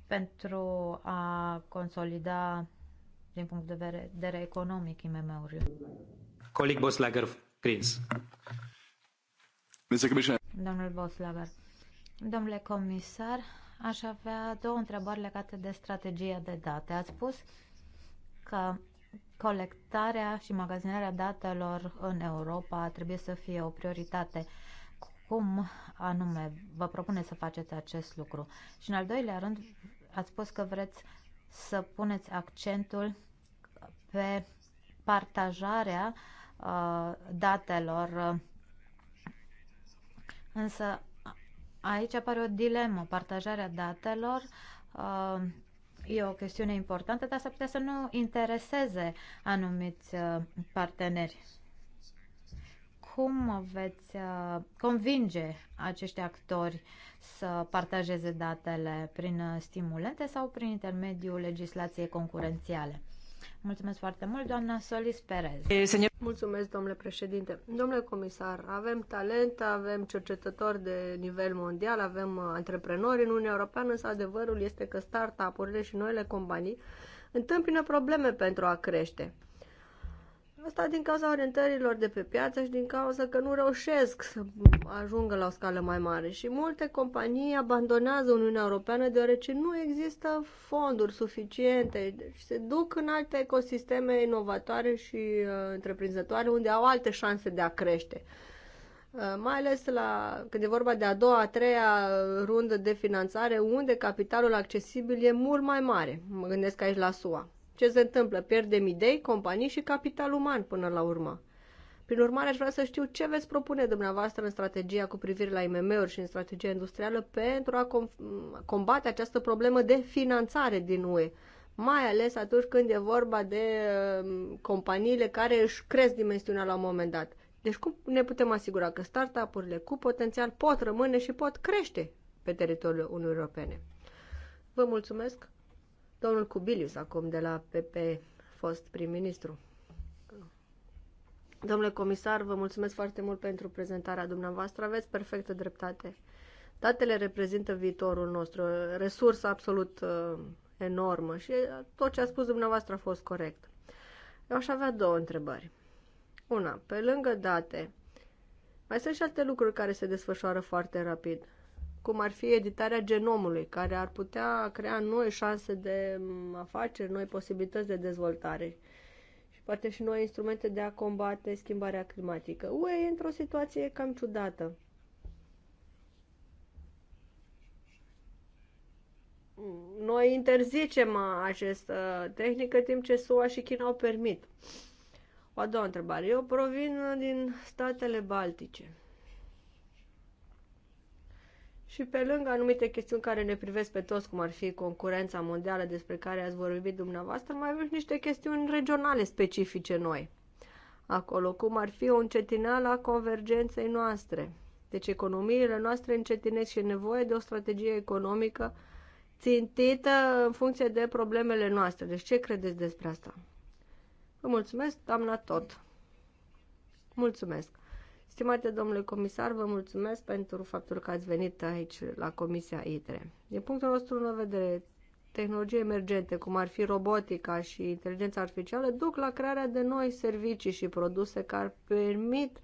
pentru a consolida din punct de vedere economic IMM-urile. Coleg Boslager Greens. Domnul Boslager. Domnule comisar, aș avea două întrebări legate de strategia de date. Ați spus că Colectarea și magazinarea datelor în Europa trebuie să fie o prioritate. Cum anume vă propune să faceți acest lucru? Și în al doilea rând, ați spus că vreți să puneți accentul pe partajarea uh, datelor. Însă aici apare o dilemă. Partajarea datelor uh, E o chestiune importantă, dar s-ar putea să nu intereseze anumiți uh, parteneri. Cum veți uh, convinge acești actori să partajeze datele prin stimulente sau prin intermediul legislației concurențiale? Mulțumesc foarte mult, doamna Solis Perez. Eh, Mulțumesc, domnule președinte. Domnule comisar, avem talent, avem cercetători de nivel mondial, avem uh, antreprenori în Uniunea Europeană, însă adevărul este că up urile și noile companii întâmpină probleme pentru a crește. Asta din cauza orientărilor de pe piață și din cauza că nu reușesc să ajungă la o scală mai mare. Și multe companii abandonează Uniunea Europeană deoarece nu există fonduri suficiente și deci se duc în alte ecosisteme inovatoare și uh, întreprinzătoare unde au alte șanse de a crește. Uh, mai ales la, când e vorba de a doua, a treia rundă de finanțare, unde capitalul accesibil e mult mai mare. Mă gândesc aici la SUA. Ce se întâmplă? Pierdem idei, companii și capital uman până la urmă. Prin urmare, aș vrea să știu ce veți propune dumneavoastră în strategia cu privire la IMM-uri și în strategia industrială pentru a combate această problemă de finanțare din UE, mai ales atunci când e vorba de uh, companiile care își cresc dimensiunea la un moment dat. Deci cum ne putem asigura că startup-urile cu potențial pot rămâne și pot crește pe teritoriul Uniunii Europene? Vă mulțumesc! Domnul Cubilius, acum de la PP, fost prim-ministru. Domnule comisar, vă mulțumesc foarte mult pentru prezentarea dumneavoastră. Aveți perfectă dreptate. Datele reprezintă viitorul nostru, resursă absolut uh, enormă și tot ce a spus dumneavoastră a fost corect. Eu aș avea două întrebări. Una, pe lângă date, mai sunt și alte lucruri care se desfășoară foarte rapid cum ar fi editarea genomului, care ar putea crea noi șanse de mm, afaceri, noi posibilități de dezvoltare și poate și noi instrumente de a combate schimbarea climatică. UE e într-o situație cam ciudată. Noi interzicem această tehnică timp ce SUA și China o permit. O a doua întrebare. Eu provin din statele Baltice. Și pe lângă anumite chestiuni care ne privesc pe toți, cum ar fi concurența mondială despre care ați vorbit dumneavoastră, mai avem niște chestiuni regionale specifice noi. Acolo, cum ar fi o încetinală a convergenței noastre. Deci economiile noastre încetinesc și e nevoie de o strategie economică țintită în funcție de problemele noastre. Deci ce credeți despre asta? Vă mulțumesc, doamna tot. Mulțumesc. Stimate domnule comisar, vă mulțumesc pentru faptul că ați venit aici la Comisia ITRE. Din punctul nostru de vedere, tehnologii emergente, cum ar fi robotica și inteligența artificială, duc la crearea de noi servicii și produse care permit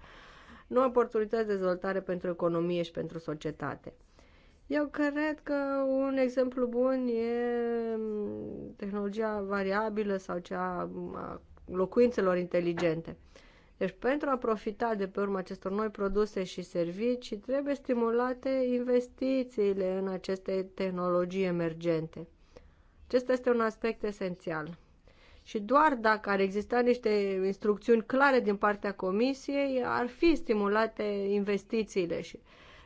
noi oportunități de dezvoltare pentru economie și pentru societate. Eu cred că un exemplu bun e tehnologia variabilă sau cea a locuințelor inteligente. Deci pentru a profita de pe urma acestor noi produse și servicii, trebuie stimulate investițiile în aceste tehnologii emergente. Acesta este un aspect esențial. Și doar dacă ar exista niște instrucțiuni clare din partea comisiei, ar fi stimulate investițiile și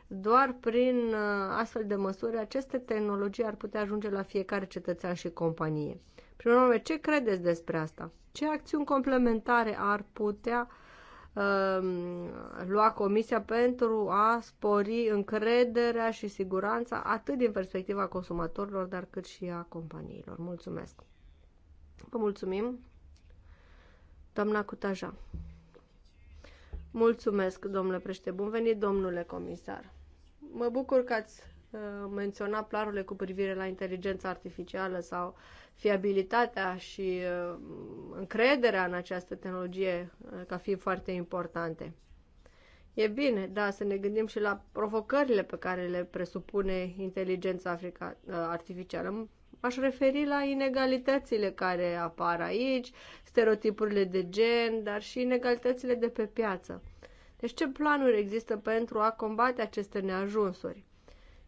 doar prin uh, astfel de măsuri aceste tehnologii ar putea ajunge la fiecare cetățean și companie. Prin urmare, ce credeți despre asta? Ce acțiuni complementare ar putea Um, lua comisia pentru a spori încrederea și siguranța atât din perspectiva consumatorilor, dar cât și a companiilor. Mulțumesc! Vă mulțumim, doamna Cutaja. Mulțumesc, domnule prește. Bun venit, domnule comisar. Mă bucur că ați Uh, menționa planurile cu privire la inteligența artificială sau fiabilitatea și uh, încrederea în această tehnologie uh, ca fiind foarte importante. E bine, da, să ne gândim și la provocările pe care le presupune inteligența artificială. aș referi la inegalitățile care apar aici, stereotipurile de gen, dar și inegalitățile de pe piață. Deci ce planuri există pentru a combate aceste neajunsuri?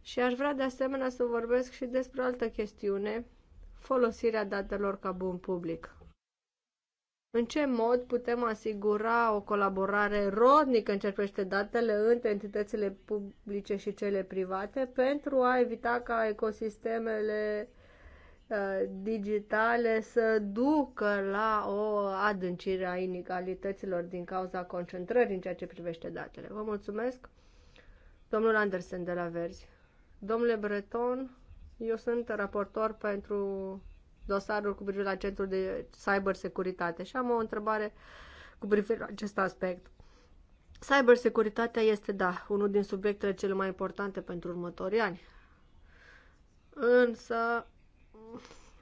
Și aș vrea de asemenea să vorbesc și despre altă chestiune, folosirea datelor ca bun public. În ce mod putem asigura o colaborare rodnică în ce privește datele între entitățile publice și cele private pentru a evita ca ecosistemele uh, digitale să ducă la o adâncire a inegalităților din cauza concentrării în ceea ce privește datele. Vă mulțumesc, domnul Andersen de la Verzi. Domnule Breton, eu sunt raportor pentru dosarul cu privire la Centrul de Cybersecuritate și am o întrebare cu privire la acest aspect. Cybersecuritatea este, da, unul din subiectele cele mai importante pentru următorii ani. Însă,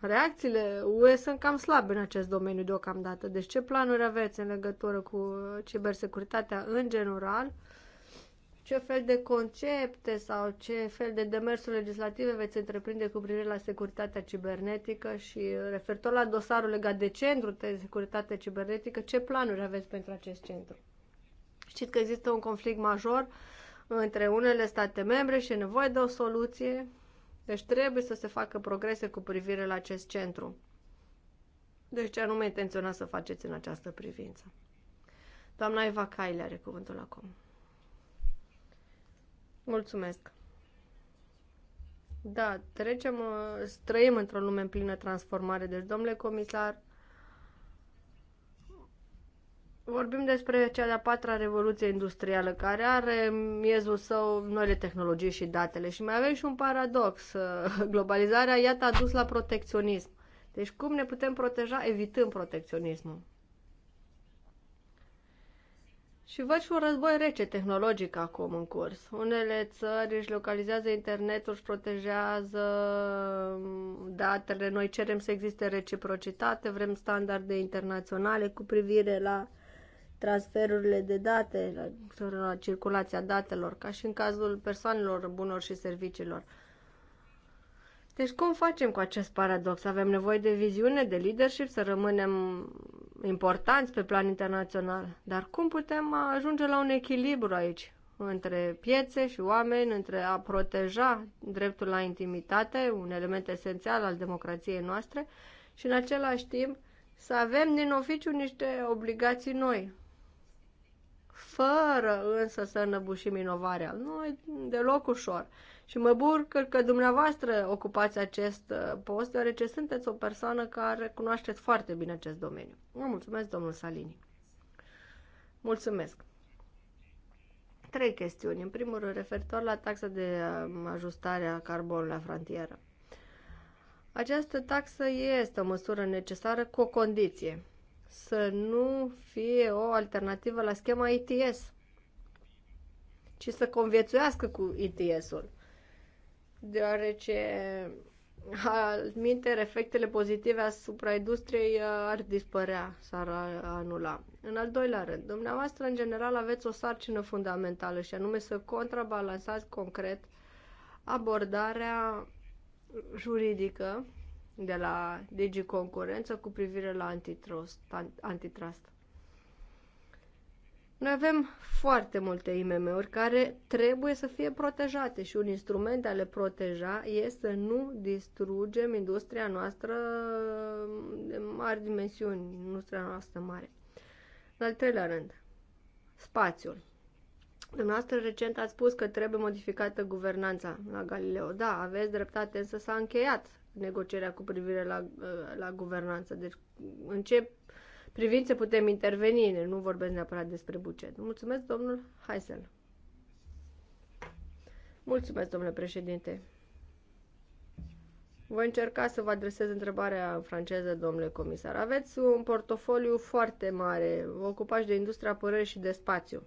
reacțiile UE sunt cam slabe în acest domeniu deocamdată. Deci ce planuri aveți în legătură cu cibersecuritatea în general ce fel de concepte sau ce fel de demersuri legislative veți întreprinde cu privire la securitatea cibernetică și uh, referitor la dosarul legat de centru de securitate cibernetică, ce planuri aveți pentru acest centru? Știți că există un conflict major între unele state membre și e nevoie de o soluție, deci trebuie să se facă progrese cu privire la acest centru. Deci ce anume intenționați să faceți în această privință? Doamna Eva Caile are cuvântul acum. Mulțumesc. Da, trecem, uh, trăim într-o lume în plină transformare. Deci, domnule comisar, vorbim despre cea de-a patra revoluție industrială, care are miezul său noile tehnologii și datele. Și mai avem și un paradox. Uh, globalizarea, iată, a dus la protecționism. Deci cum ne putem proteja evitând protecționismul? Și văd și un război rece tehnologic acum în curs. Unele țări își localizează internetul, își protejează mm, datele. Noi cerem să existe reciprocitate, vrem standarde internaționale cu privire la transferurile de date, la, la circulația datelor, ca și în cazul persoanelor, bunor și serviciilor. Deci cum facem cu acest paradox? Avem nevoie de viziune, de leadership, să rămânem importanți pe plan internațional. Dar cum putem ajunge la un echilibru aici? între piețe și oameni, între a proteja dreptul la intimitate, un element esențial al democrației noastre, și în același timp să avem din oficiu niște obligații noi, fără însă să înăbușim inovarea. Nu e deloc ușor. Și mă bucur că dumneavoastră ocupați acest uh, post, deoarece sunteți o persoană care cunoașteți foarte bine acest domeniu. Vă mulțumesc, domnul Salini. Mulțumesc. Trei chestiuni. În primul rând, referitor la taxa de um, ajustare a carbonului la frontieră. Această taxă este o măsură necesară cu o condiție să nu fie o alternativă la schema ETS, ci să conviețuiască cu ETS-ul. Deoarece minte efectele pozitive asupra industriei uh, ar dispărea, s-ar anula. În al doilea rând, dumneavoastră, în general, aveți o sarcină fundamentală și anume să contrabalansați concret abordarea juridică de la Digi Concurență cu privire la antitrust. antitrust. Noi avem foarte multe IMM-uri care trebuie să fie protejate și un instrument de a le proteja este să nu distrugem industria noastră de mari dimensiuni, industria noastră mare. În al treilea rând, spațiul. Dumneavoastră recent ați spus că trebuie modificată guvernanța la Galileo. Da, aveți dreptate, însă s-a încheiat negocierea cu privire la, uh, la guvernanță. Deci, în ce privință putem interveni, nu vorbesc neapărat despre buget. Mulțumesc, domnul Heisel. Mulțumesc, domnule președinte. Voi încerca să vă adresez întrebarea în franceză, domnule comisar. Aveți un portofoliu foarte mare, vă ocupați de industria părării și de spațiu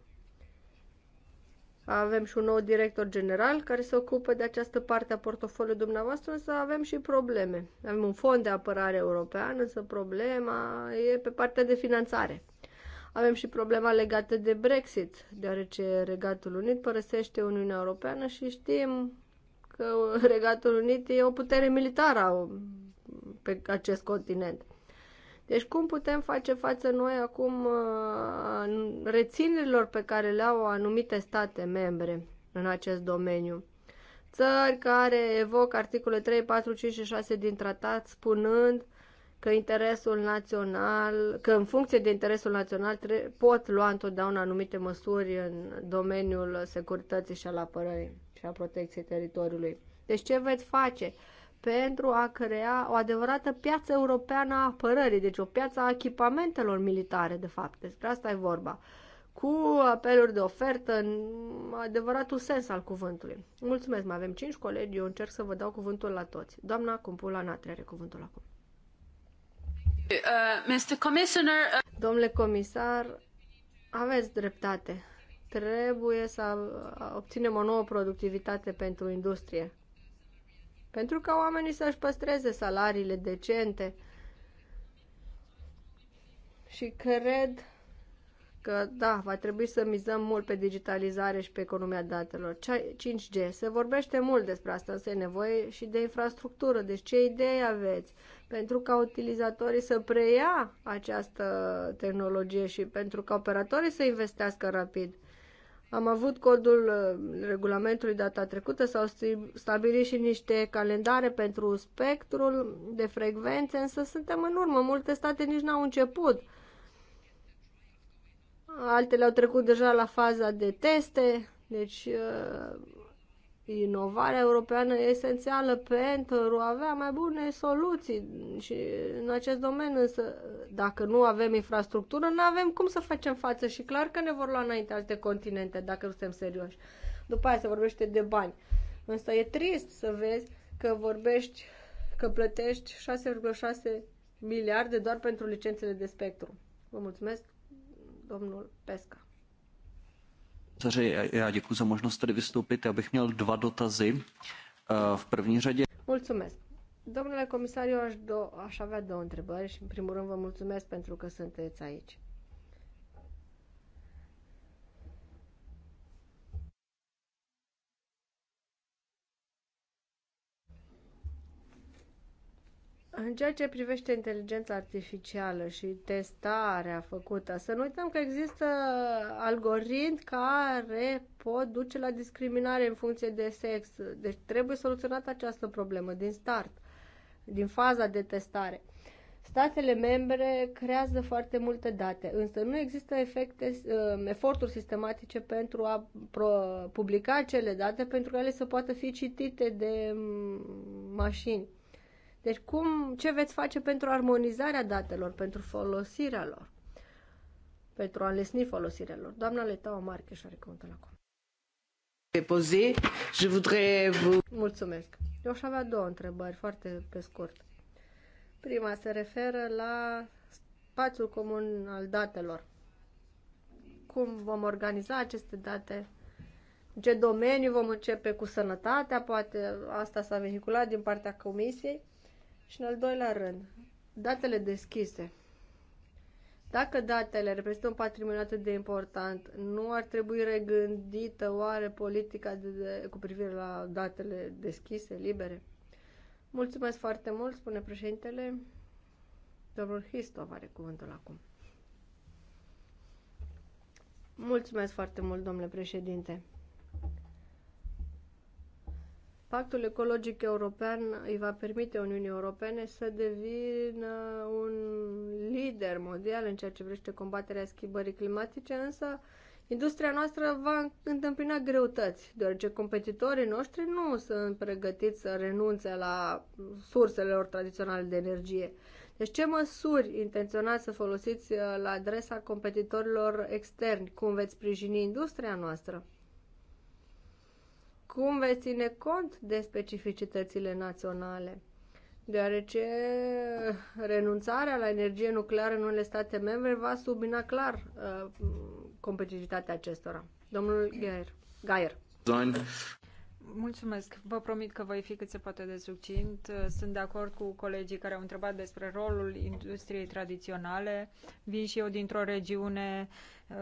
avem și un nou director general care se ocupă de această parte a portofoliului dumneavoastră, însă avem și probleme. Avem un fond de apărare european, însă problema e pe partea de finanțare. Avem și problema legată de Brexit, deoarece Regatul Unit părăsește Uniunea Europeană și știm că Regatul Unit e o putere militară pe acest continent. Deci cum putem face față noi acum uh, reținerilor pe care le au anumite state membre în acest domeniu? Țări care evoc articole 3, 4, 5 și 6 din tratat spunând că interesul național, că în funcție de interesul național pot lua întotdeauna anumite măsuri în domeniul securității și al apărării și a protecției teritoriului. Deci ce veți face? Uh, pentru a crea o adevărată piață europeană a apărării, deci o piață a echipamentelor militare, de fapt. Despre asta e vorba. Cu apeluri de ofertă în adevăratul sens al cuvântului. Mulțumesc, mai avem cinci colegi, eu încerc să vă dau cuvântul la toți. Doamna Cumpula Natre are cuvântul acum. Uh, Mr. Commissioner, uh... Domnule comisar, aveți dreptate. Trebuie să obținem o nouă productivitate pentru industrie pentru ca oamenii să-și păstreze salariile decente. Și cred că, da, va trebui să mizăm mult pe digitalizare și pe economia datelor. 5G, se vorbește mult despre asta, însă e nevoie și de infrastructură. Deci ce idei aveți pentru ca utilizatorii să preia această tehnologie și pentru ca operatorii să investească rapid? Am avut codul uh, regulamentului data trecută, s-au stabilit și niște calendare pentru spectrul de frecvențe, însă suntem în urmă. Multe state nici n-au început. Altele au trecut deja la faza de teste, deci uh, Inovarea europeană e esențială pentru a avea mai bune soluții și în acest domeniu, însă dacă nu avem infrastructură, nu avem cum să facem față și clar că ne vor lua înainte alte continente dacă nu suntem serioși. După aia se vorbește de bani. Însă e trist să vezi că vorbești, că plătești 6,6 miliarde doar pentru licențele de spectru. Vă mulțumesc, domnul Pesca. Já děkuji za možnost tady vystoupit. Já bych měl dva dotazy. Eh, v první řadě... Mulțumesc. Domnule comisar, eu aș, do, aș avea două întrebări și, în primul rând, vă mulțumesc pentru că sunteți aici. În ceea ce privește inteligența artificială și testarea făcută, să nu uităm că există algoritmi care pot duce la discriminare în funcție de sex. Deci trebuie soluționată această problemă din start, din faza de testare. Statele membre creează foarte multe date, însă nu există efecte, uh, eforturi sistematice pentru a publica acele date pentru că ele să poată fi citite de mm, mașini. Deci cum, ce veți face pentru armonizarea datelor, pentru folosirea lor, pentru a lesni folosirea lor? Doamna Letaua Marcheș are cuvântul acum. Poze, je voudrais vous... Mulțumesc. Eu aș avea două întrebări, foarte pe scurt. Prima se referă la spațiul comun al datelor. Cum vom organiza aceste date? În ce domeniu vom începe cu sănătatea? Poate asta s-a vehiculat din partea comisiei. Și în al doilea rând, datele deschise. Dacă datele reprezintă un patrimoniu atât de important, nu ar trebui regândită oare politica de, de, cu privire la datele deschise, libere? Mulțumesc foarte mult, spune președintele. Domnul Histov are cuvântul acum. Mulțumesc foarte mult, domnule președinte. Pactul ecologic european îi va permite Uniunii Europene să devină un lider mondial în ceea ce privește combaterea schimbării climatice, însă industria noastră va întâmpina greutăți, deoarece competitorii noștri nu sunt pregătiți să renunțe la sursele lor tradiționale de energie. Deci ce măsuri intenționați să folosiți la adresa competitorilor externi? Cum veți sprijini industria noastră? cum veți ține cont de specificitățile naționale? Deoarece renunțarea la energie nucleară în unele state membre va submina clar uh, competitivitatea acestora. Domnul Gaier. Gaier. Mulțumesc. Vă promit că voi fi cât se poate de succint. Sunt de acord cu colegii care au întrebat despre rolul industriei tradiționale. Vin și eu dintr-o regiune uh,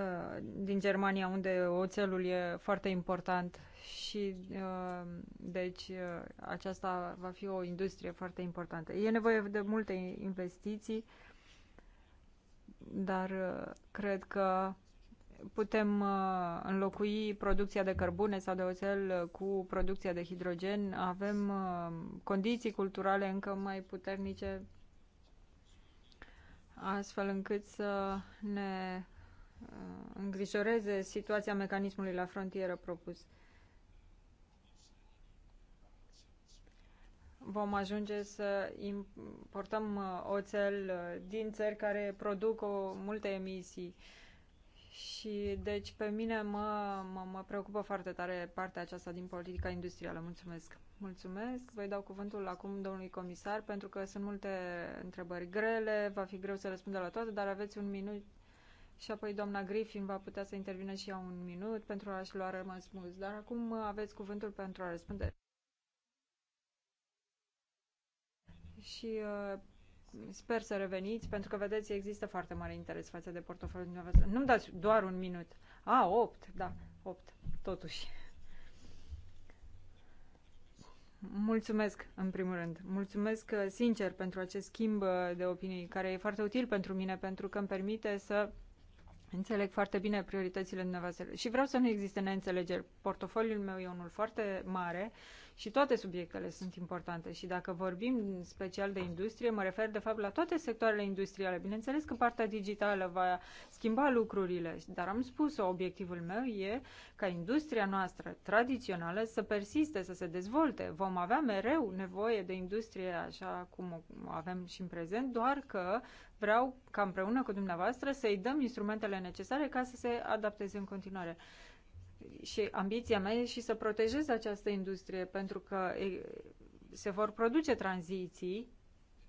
din Germania unde oțelul e foarte important și uh, deci uh, aceasta va fi o industrie foarte importantă. E nevoie de multe investiții, dar uh, cred că putem înlocui producția de cărbune sau de oțel cu producția de hidrogen. Avem condiții culturale încă mai puternice astfel încât să ne îngrijoreze situația mecanismului la frontieră propus. vom ajunge să importăm uh, oțel uh, din țări care produc o, uh, multe emisii. Și deci pe mine mă, mă, mă preocupă foarte tare partea aceasta din politica industrială. Mulțumesc! Mulțumesc! Voi dau cuvântul acum domnului comisar pentru că sunt multe întrebări grele, va fi greu să răspundă la toate, dar aveți un minut și apoi doamna Griffin va putea să intervină și ea un minut pentru a-și lua rămas mult. Dar acum aveți cuvântul pentru a răspunde. și uh, sper să reveniți, pentru că, vedeți, există foarte mare interes față de portofoliul dumneavoastră. Nu-mi dați doar un minut. A, opt, da, opt. totuși. Mulțumesc, în primul rând. Mulțumesc uh, sincer pentru acest schimb uh, de opinii, care e foarte util pentru mine, pentru că îmi permite să înțeleg foarte bine prioritățile dumneavoastră. Și vreau să nu existe neînțelegeri. Portofoliul meu e unul foarte mare, uh, și toate subiectele sunt importante și dacă vorbim special de industrie, mă refer de fapt la toate sectoarele industriale. Bineînțeles că partea digitală va schimba lucrurile, dar am spus-o, obiectivul meu e ca industria noastră tradițională să persiste, să se dezvolte. Vom avea mereu nevoie de industrie așa cum o avem și în prezent, doar că vreau ca împreună cu dumneavoastră să-i dăm instrumentele necesare ca să se adapteze în continuare și ambiția mea e și să protejez această industrie, pentru că se vor produce tranziții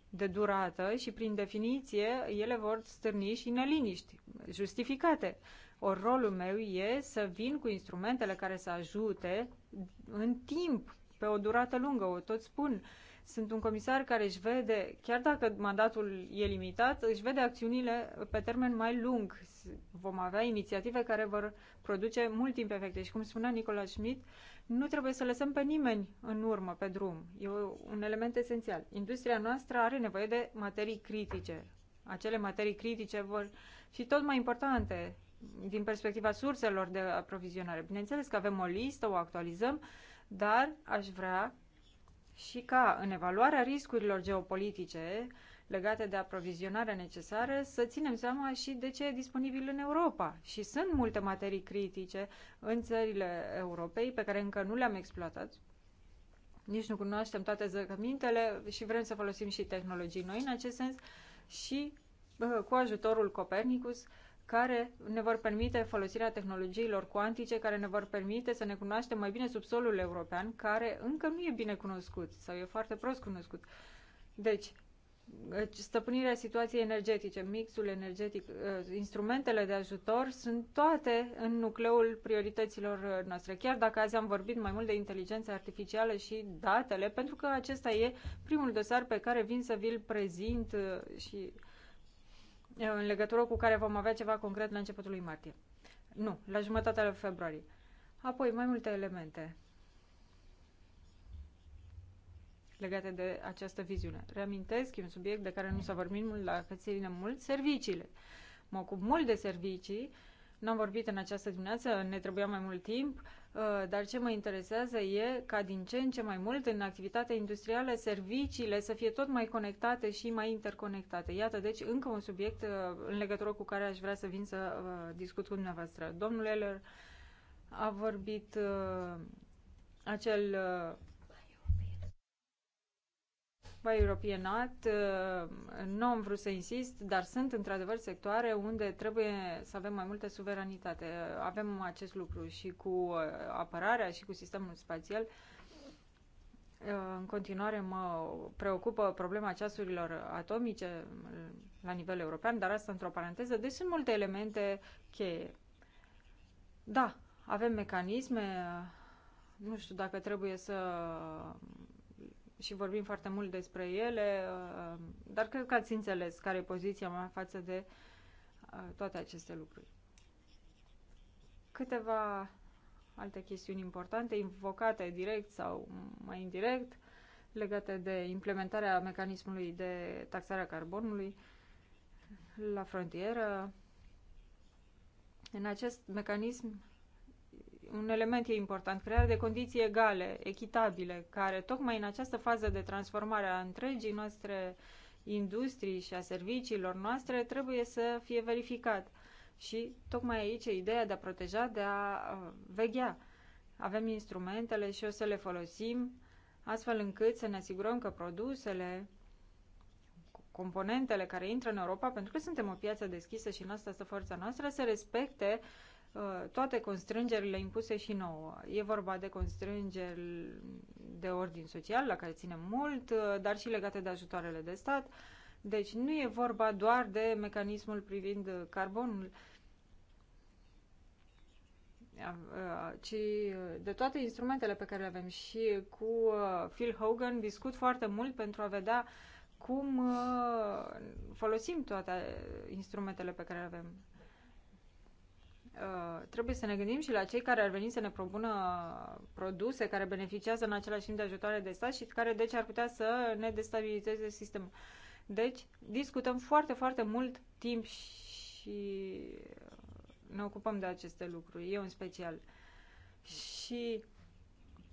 de durată și, prin definiție, ele vor stârni și neliniști, justificate. O rolul meu e să vin cu instrumentele care să ajute în timp, pe o durată lungă, o tot spun, sunt un comisar care își vede, chiar dacă mandatul e limitat, își vede acțiunile pe termen mai lung. Vom avea inițiative care vor produce mult timp efecte. Și cum spunea Nicola Schmidt, nu trebuie să lăsăm pe nimeni în urmă pe drum. E un element esențial. Industria noastră are nevoie de materii critice. Acele materii critice vor fi tot mai importante din perspectiva surselor de aprovizionare. Bineînțeles că avem o listă, o actualizăm, dar aș vrea și ca, în evaluarea riscurilor geopolitice legate de aprovizionarea necesară, să ținem seama și de ce e disponibil în Europa. Și sunt multe materii critice în țările Europei pe care încă nu le-am exploatat, nici nu cunoaștem toate zăcămintele și vrem să folosim și tehnologii noi în acest sens și cu ajutorul Copernicus uh, care ne vor permite folosirea tehnologiilor cuantice, care ne vor permite să ne cunoaștem mai bine subsolul european, care încă nu e bine cunoscut sau e foarte prost cunoscut. Deci, deci stăpânirea situației energetice, mixul energetic, uh, instrumentele de ajutor sunt toate în nucleul priorităților uh, noastre. Chiar dacă azi am vorbit mai mult de inteligența artificială și datele, pentru că acesta e primul dosar pe care vin să vi-l prezint uh, și în legătură cu care vom avea ceva concret la începutul lui martie. Nu, la jumătatea lui februarie. Apoi, mai multe elemente legate de această viziune. Reamintesc, e un subiect de care nu s-a vorbit mult la cățelile mult, serviciile. Mă ocup mult de servicii N-am vorbit în această dimineață, ne trebuia mai mult timp, uh, dar ce mă interesează e ca din ce în ce mai mult în activitatea industrială serviciile să fie tot mai conectate și mai interconectate. Iată, deci, încă un subiect uh, în legătură cu care aș vrea să vin să uh, discut cu dumneavoastră. Domnul Eller a vorbit acel după Europeanat, uh, nu am vrut să insist, dar sunt într-adevăr sectoare unde trebuie să avem mai multă suveranitate. Avem acest lucru și cu uh, apărarea și cu sistemul spațial. Uh, în continuare mă preocupă problema ceasurilor atomice la nivel european, dar asta într-o paranteză. Deci sunt multe elemente cheie. Da, avem mecanisme, nu știu dacă trebuie să și vorbim foarte mult despre ele, uh, dar cred că ați înțeles care e poziția mea față de uh, toate aceste lucruri. Câteva alte chestiuni importante, invocate direct sau mai indirect, legate de implementarea mecanismului de taxare a carbonului la frontieră. În acest mecanism un element e important, crearea de condiții egale, echitabile, care tocmai în această fază de transformare a întregii noastre industrii și a serviciilor noastre trebuie să fie verificat. Și tocmai aici e ideea de a proteja, de a uh, veghea. Avem instrumentele și o să le folosim astfel încât să ne asigurăm că produsele, componentele care intră în Europa, pentru că suntem o piață deschisă și în asta stă forța noastră, să respecte Uh, toate constrângerile impuse și nouă. E vorba de constrângeri de ordin social, la care ținem mult, uh, dar și legate de ajutoarele de stat. Deci nu e vorba doar de mecanismul privind carbonul, uh, ci de toate instrumentele pe care le avem. Și cu Phil Hogan discut foarte mult pentru a vedea cum folosim toate instrumentele pe care le avem. Uh, trebuie să ne gândim și la cei care ar veni să ne propună produse care beneficiază în același timp de ajutoare de stat și care deci ar putea să ne destabilizeze sistemul. Deci discutăm foarte, foarte mult timp și ne ocupăm de aceste lucruri, eu în special. Și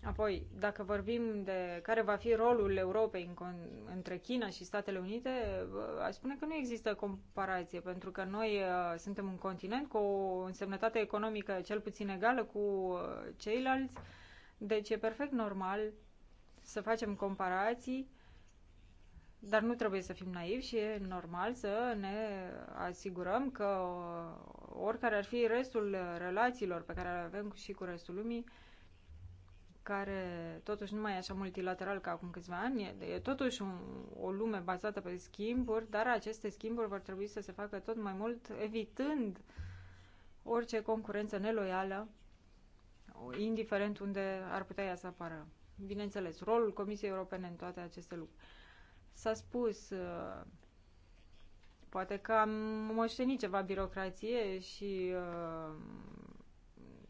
Apoi, dacă vorbim de care va fi rolul Europei în, între China și Statele Unite, aș spune că nu există comparație, pentru că noi uh, suntem un continent cu o însemnătate economică cel puțin egală cu uh, ceilalți, deci e perfect normal să facem comparații, dar nu trebuie să fim naivi și e normal să ne asigurăm că uh, oricare ar fi restul relațiilor pe care le avem și cu restul lumii, care totuși nu mai e așa multilateral ca acum câțiva ani, e, e totuși un, o lume bazată pe schimburi, dar aceste schimburi vor trebui să se facă tot mai mult, evitând orice concurență neloială, indiferent unde ar putea ea să apară. Bineînțeles, rolul Comisiei Europene în toate aceste lucruri. S-a spus, uh, poate că am moștenit ceva birocrație și uh,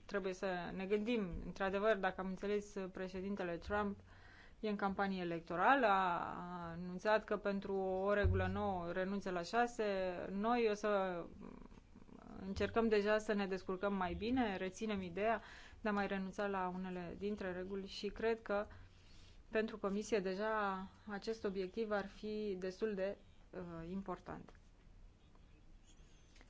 trebuie să ne gândim, într-adevăr, dacă am înțeles președintele Trump, e în campanie electorală, a anunțat că pentru o regulă nouă renunță la șase, noi o să încercăm deja să ne descurcăm mai bine, reținem ideea de a mai renunța la unele dintre reguli și cred că pentru comisie deja acest obiectiv ar fi destul de uh, important.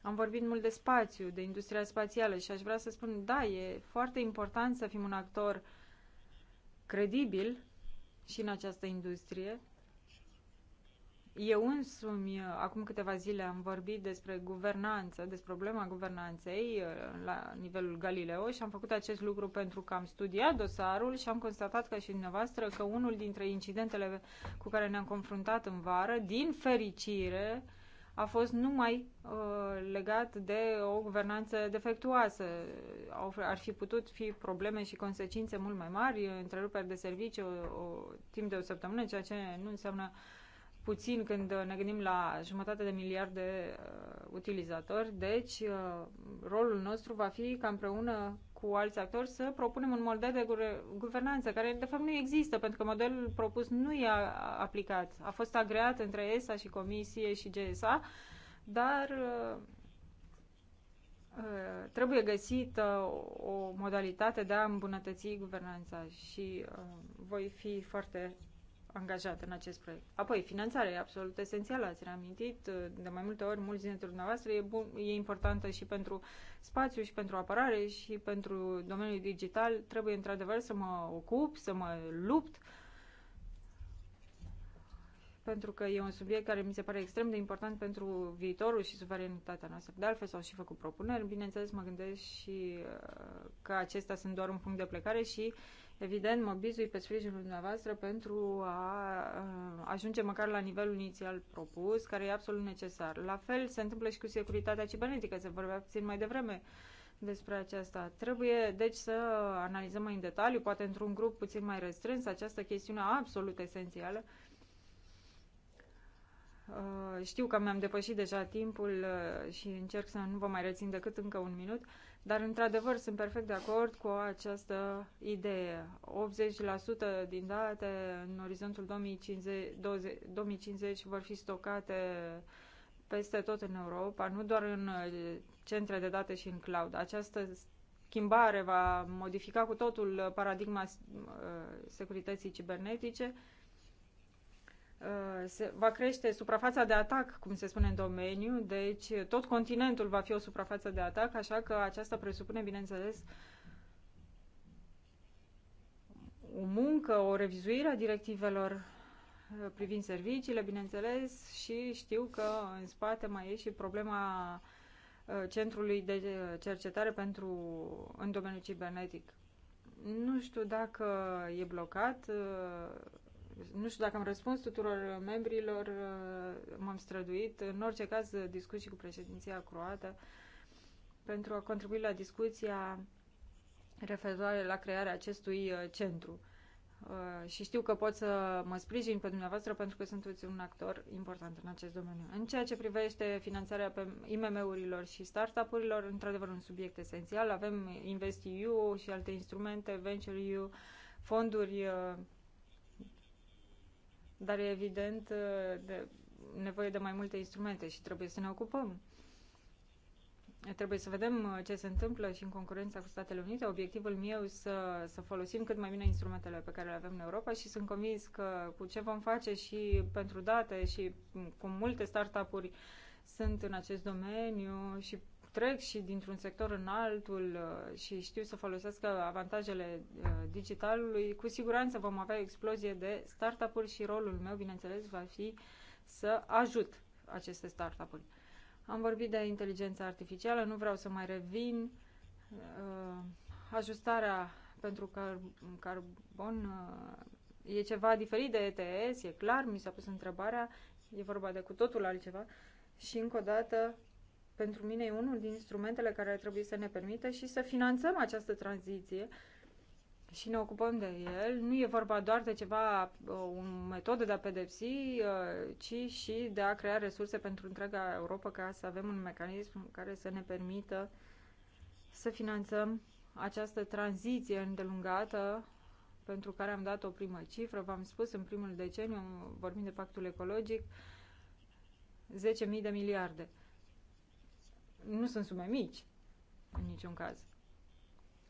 Am vorbit mult de spațiu, de industria spațială și aș vrea să spun, da, e foarte important să fim un actor credibil și în această industrie. Eu însumi, acum câteva zile, am vorbit despre guvernanță, despre problema guvernanței uh, la nivelul Galileo și am făcut acest lucru pentru că am studiat dosarul și am constatat ca și dumneavoastră că unul dintre incidentele cu care ne-am confruntat în vară, din fericire, a fost numai uh, legat de o guvernanță defectuoasă. Au, ar fi putut fi probleme și consecințe mult mai mari, întreruperi de serviciu o, o, timp de o săptămână, ceea ce nu înseamnă puțin când ne gândim la jumătate de miliard de uh, utilizatori. Deci, uh, rolul nostru va fi ca împreună cu alți actori să propunem un model de guvernanță, care de fapt nu există, pentru că modelul propus nu e aplicat. A fost agreat între ESA și Comisie și GSA, dar uh, uh, trebuie găsită o modalitate de a îmbunătăți guvernanța și uh, voi fi foarte angajat în acest proiect. Apoi, finanțarea e absolut esențială, ați reamintit de mai multe ori, mulți dintre dumneavoastră, e, bun, e importantă și pentru spațiu, și pentru apărare, și pentru domeniul digital. Trebuie într-adevăr să mă ocup, să mă lupt, pentru că e un subiect care mi se pare extrem de important pentru viitorul și suverenitatea noastră. De altfel, s-au și făcut propuneri, bineînțeles, mă gândesc și uh, că acestea sunt doar un punct de plecare și uh, Evident, mă bizui pe sprijinul dumneavoastră pentru a uh, ajunge măcar la nivelul inițial propus, care e absolut necesar. La fel se întâmplă și cu securitatea cibernetică, se vorbea puțin mai devreme despre aceasta. Trebuie, deci, să analizăm mai în detaliu, poate într-un grup puțin mai restrâns, această chestiune absolut esențială. Uh, știu că mi-am depășit deja timpul uh, și încerc să nu vă mai rețin decât încă un minut. Dar, într-adevăr, sunt perfect de acord cu această idee. 80% din date în orizontul 2050, 20, 2050 vor fi stocate peste tot în Europa, nu doar în uh, centre de date și în cloud. Această schimbare va modifica cu totul uh, paradigma uh, securității cibernetice Uh, se, va crește suprafața de atac, cum se spune în domeniu, deci tot continentul va fi o suprafață de atac, așa că aceasta presupune, bineînțeles, o muncă, o revizuire a directivelor uh, privind serviciile, bineînțeles, și știu că în spate mai e și problema uh, Centrului de Cercetare pentru, în domeniul cibernetic. Nu știu dacă e blocat nu știu dacă am răspuns tuturor membrilor, uh, m-am străduit. În orice caz, discuții cu președinția croată pentru a contribui la discuția referitoare la crearea acestui uh, centru. Uh, și știu că pot să mă sprijin pe dumneavoastră pentru că sunteți un actor important în acest domeniu. În ceea ce privește finanțarea pe IMM-urilor și startup-urilor, într-adevăr un subiect esențial. Avem InvestEU și alte instrumente, VentureU, fonduri dar e evident uh, de nevoie de mai multe instrumente și trebuie să ne ocupăm. Trebuie să vedem uh, ce se întâmplă și în concurența cu Statele Unite. Obiectivul meu să, să folosim cât mai bine instrumentele pe care le avem în Europa și sunt convins că cu ce vom face și pentru date și cu multe startup-uri sunt în acest domeniu și trec și dintr-un sector în altul uh, și știu să folosească avantajele uh, digitalului, cu siguranță vom avea o explozie de startup-uri și rolul meu, bineînțeles, va fi să ajut aceste startup-uri. Am vorbit de inteligența artificială, nu vreau să mai revin. Uh, ajustarea pentru carbon e ceva diferit de ETS, e clar, mi s-a pus întrebarea, e vorba de cu totul altceva. Și încă o dată, pentru mine e unul din instrumentele care ar trebui să ne permită și să finanțăm această tranziție și ne ocupăm de el. Nu e vorba doar de ceva, o uh, metodă de a pedepsi, uh, ci și de a crea resurse pentru întreaga Europa ca să avem un mecanism care să ne permită să finanțăm această tranziție îndelungată pentru care am dat o primă cifră. V-am spus în primul deceniu, vorbind de pactul ecologic, 10.000 de miliarde nu sunt sume mici, în niciun caz.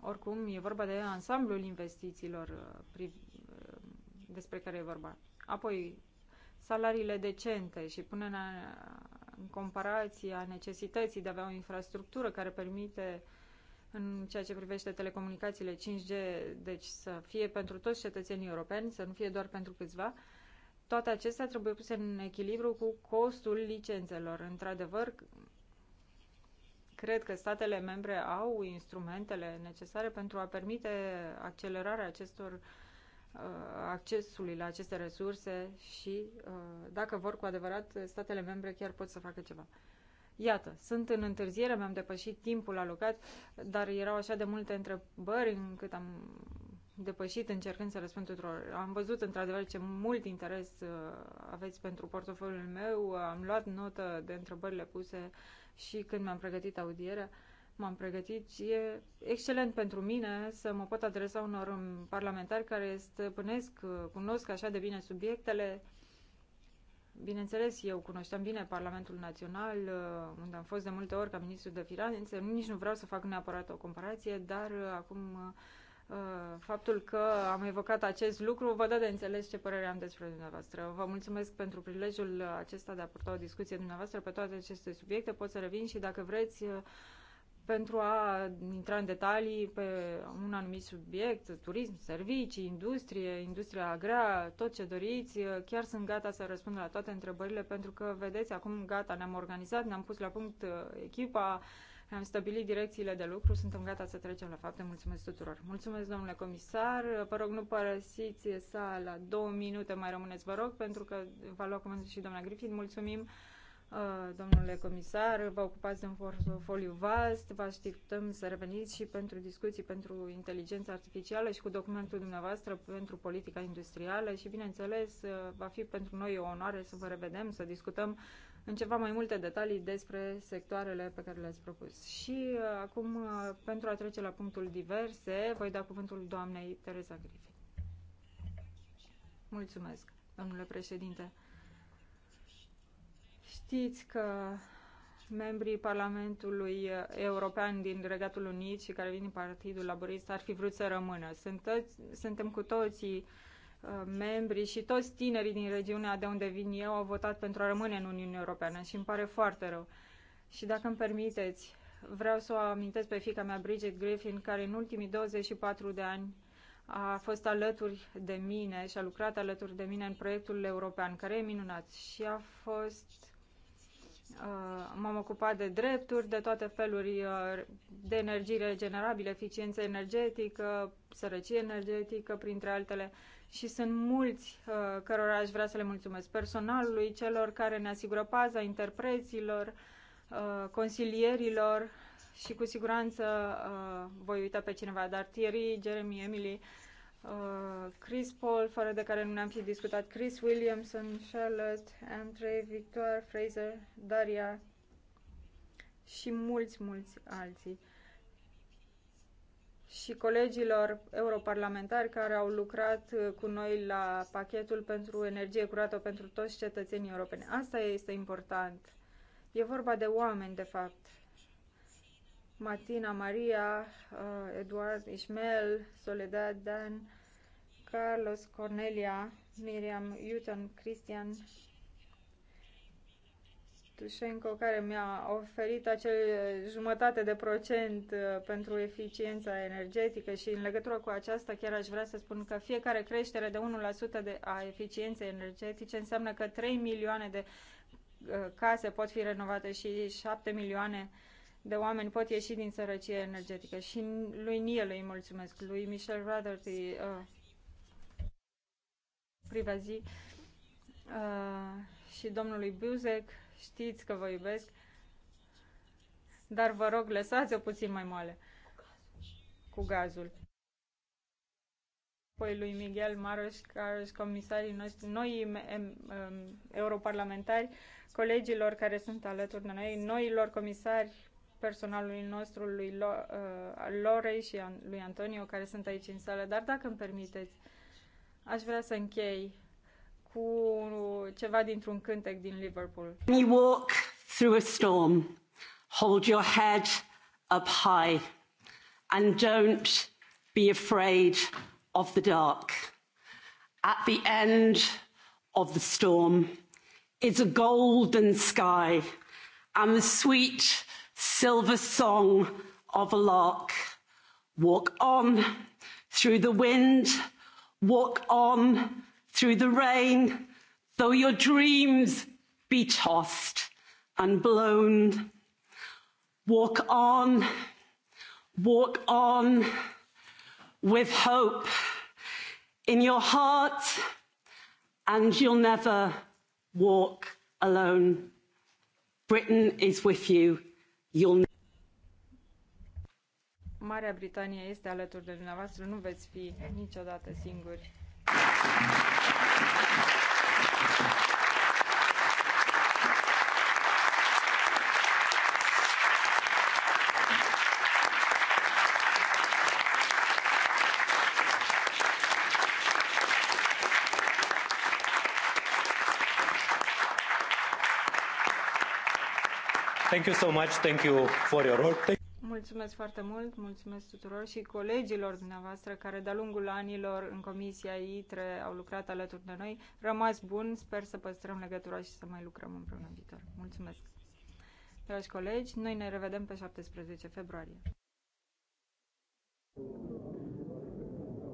Oricum, e vorba de ansamblul investițiilor uh, uh, despre care e vorba. Apoi, salariile decente și punerea în comparație a necesității de a avea o infrastructură care permite în ceea ce privește telecomunicațiile 5G, deci să fie pentru toți cetățenii europeni, să nu fie doar pentru câțiva, toate acestea trebuie puse în echilibru cu costul licențelor. Într-adevăr, Cred că statele membre au instrumentele necesare pentru a permite accelerarea acestor uh, accesului la aceste resurse și uh, dacă vor cu adevărat, statele membre chiar pot să facă ceva. Iată, sunt în întârziere, mi-am depășit timpul alocat, dar erau așa de multe întrebări încât am depășit încercând să răspund tuturor. Am văzut într-adevăr ce mult interes uh, aveți pentru portofoliul meu, am luat notă de întrebările puse și când mi-am pregătit audierea, m-am pregătit și e excelent pentru mine să mă pot adresa unor parlamentari care stăpânesc, cunosc așa de bine subiectele. Bineînțeles, eu cunoșteam bine Parlamentul Național, uh, unde am fost de multe ori ca ministru de finanțe, nici nu vreau să fac neapărat o comparație, dar uh, acum uh, Uh, faptul că am evocat acest lucru vă dă de înțeles ce părere am despre dumneavoastră. Vă mulțumesc pentru prilejul acesta de a purta o discuție dumneavoastră pe toate aceste subiecte. Pot să revin și dacă vreți uh, pentru a intra în detalii pe un anumit subiect, turism, servicii, industrie, industria grea, tot ce doriți, uh, chiar sunt gata să răspund la toate întrebările pentru că, vedeți, acum gata, ne-am organizat, ne-am pus la punct echipa, am stabilit direcțiile de lucru, suntem gata să trecem la fapte. Mulțumesc tuturor! Mulțumesc, domnule comisar! Vă rog, nu părăsiți sala. Două minute mai rămâneți, vă rog, pentru că va lua cuvântul și doamna Griffin. Mulțumim! Uh, domnule comisar, vă ocupați de un portofoliu vast, vă așteptăm să reveniți și pentru discuții pentru inteligența artificială și cu documentul dumneavoastră pentru politica industrială și, bineînțeles, uh, va fi pentru noi o onoare să vă revedem, să discutăm în ceva mai multe detalii despre sectoarele pe care le-ați propus. Și uh, acum, uh, pentru a trece la punctul diverse, voi da cuvântul doamnei Teresa Griffin. Mulțumesc, domnule președinte. Știți că membrii Parlamentului European din Regatul Unit și care vin din Partidul Laborist ar fi vrut să rămână. Sunt toți, suntem cu toții uh, Uh, membrii și toți tinerii din regiunea de unde vin eu au votat pentru a rămâne în Uniunea Europeană și îmi pare foarte rău. Și dacă îmi permiteți, vreau să o amintesc pe fica mea, Bridget Griffin, care în ultimii 24 de ani a fost alături de mine și a lucrat alături de mine în proiectul european, care e minunat și a fost uh, m-am ocupat de drepturi, de toate feluri uh, de energii regenerabile, eficiență energetică, sărăcie energetică, printre altele și sunt mulți uh, cărora aș vrea să le mulțumesc. Personalului, celor care ne asigură paza, interpreților, uh, consilierilor și cu siguranță uh, voi uita pe cineva, dar Thierry, Jeremy, Emily, uh, Chris Paul, fără de care nu ne-am fi discutat, Chris Williamson, Charlotte, Amtrey, Victor, Fraser, Daria și mulți, mulți alții și colegilor europarlamentari care au lucrat uh, cu noi la pachetul pentru energie curată pentru toți cetățenii europeni. Asta este important. E vorba de oameni, de fapt. Martina, Maria, uh, Eduard, Ismael, Soledad, Dan, Carlos, Cornelia, Miriam, Yuton, Cristian Tșenco, care mi-a oferit acel jumătate de procent uh, pentru eficiența energetică și în legătură cu aceasta chiar aș vrea să spun că fiecare creștere de 1% de, a eficienței energetice înseamnă că 3 milioane de uh, case pot fi renovate și 7 milioane de oameni pot ieși din sărăcie energetică. Și lui Niel îi mulțumesc, lui Michel Rutherford, uh, Privazi uh, și domnului Buzek Știți că vă iubesc, dar vă rog, lăsați-o puțin mai moale cu gazul. Păi lui Miguel Maros, care sunt comisarii noștri, noi europarlamentari, colegilor care sunt alături de noi, noilor comisari personalului nostru, lui uh, Lorei și lui Antonio, care sunt aici în sală. Dar dacă îmi permiteți, aș vrea să închei cu ceva dintr-un cântec din Liverpool. You walk through a storm, hold your head up high and don't be afraid of the dark. At the end of the storm is a golden sky and the sweet silver song of a lark. Walk on through the wind, walk on through the rain though your dreams be tossed and blown walk on walk on with hope in your heart and you'll never walk alone. Britain is with you. You'll Marea Britanie este alături de dumneavoastră, nu veți fi niciodată singuri. Thank you so much. Thank you for your Thank Mulțumesc foarte mult, mulțumesc tuturor și colegilor dumneavoastră care de-a lungul anilor în Comisia ITRE au lucrat alături de noi. Rămas bun, sper să păstrăm legătura și să mai lucrăm împreună în viitor. Mulțumesc! Dragi colegi, noi ne revedem pe 17 februarie.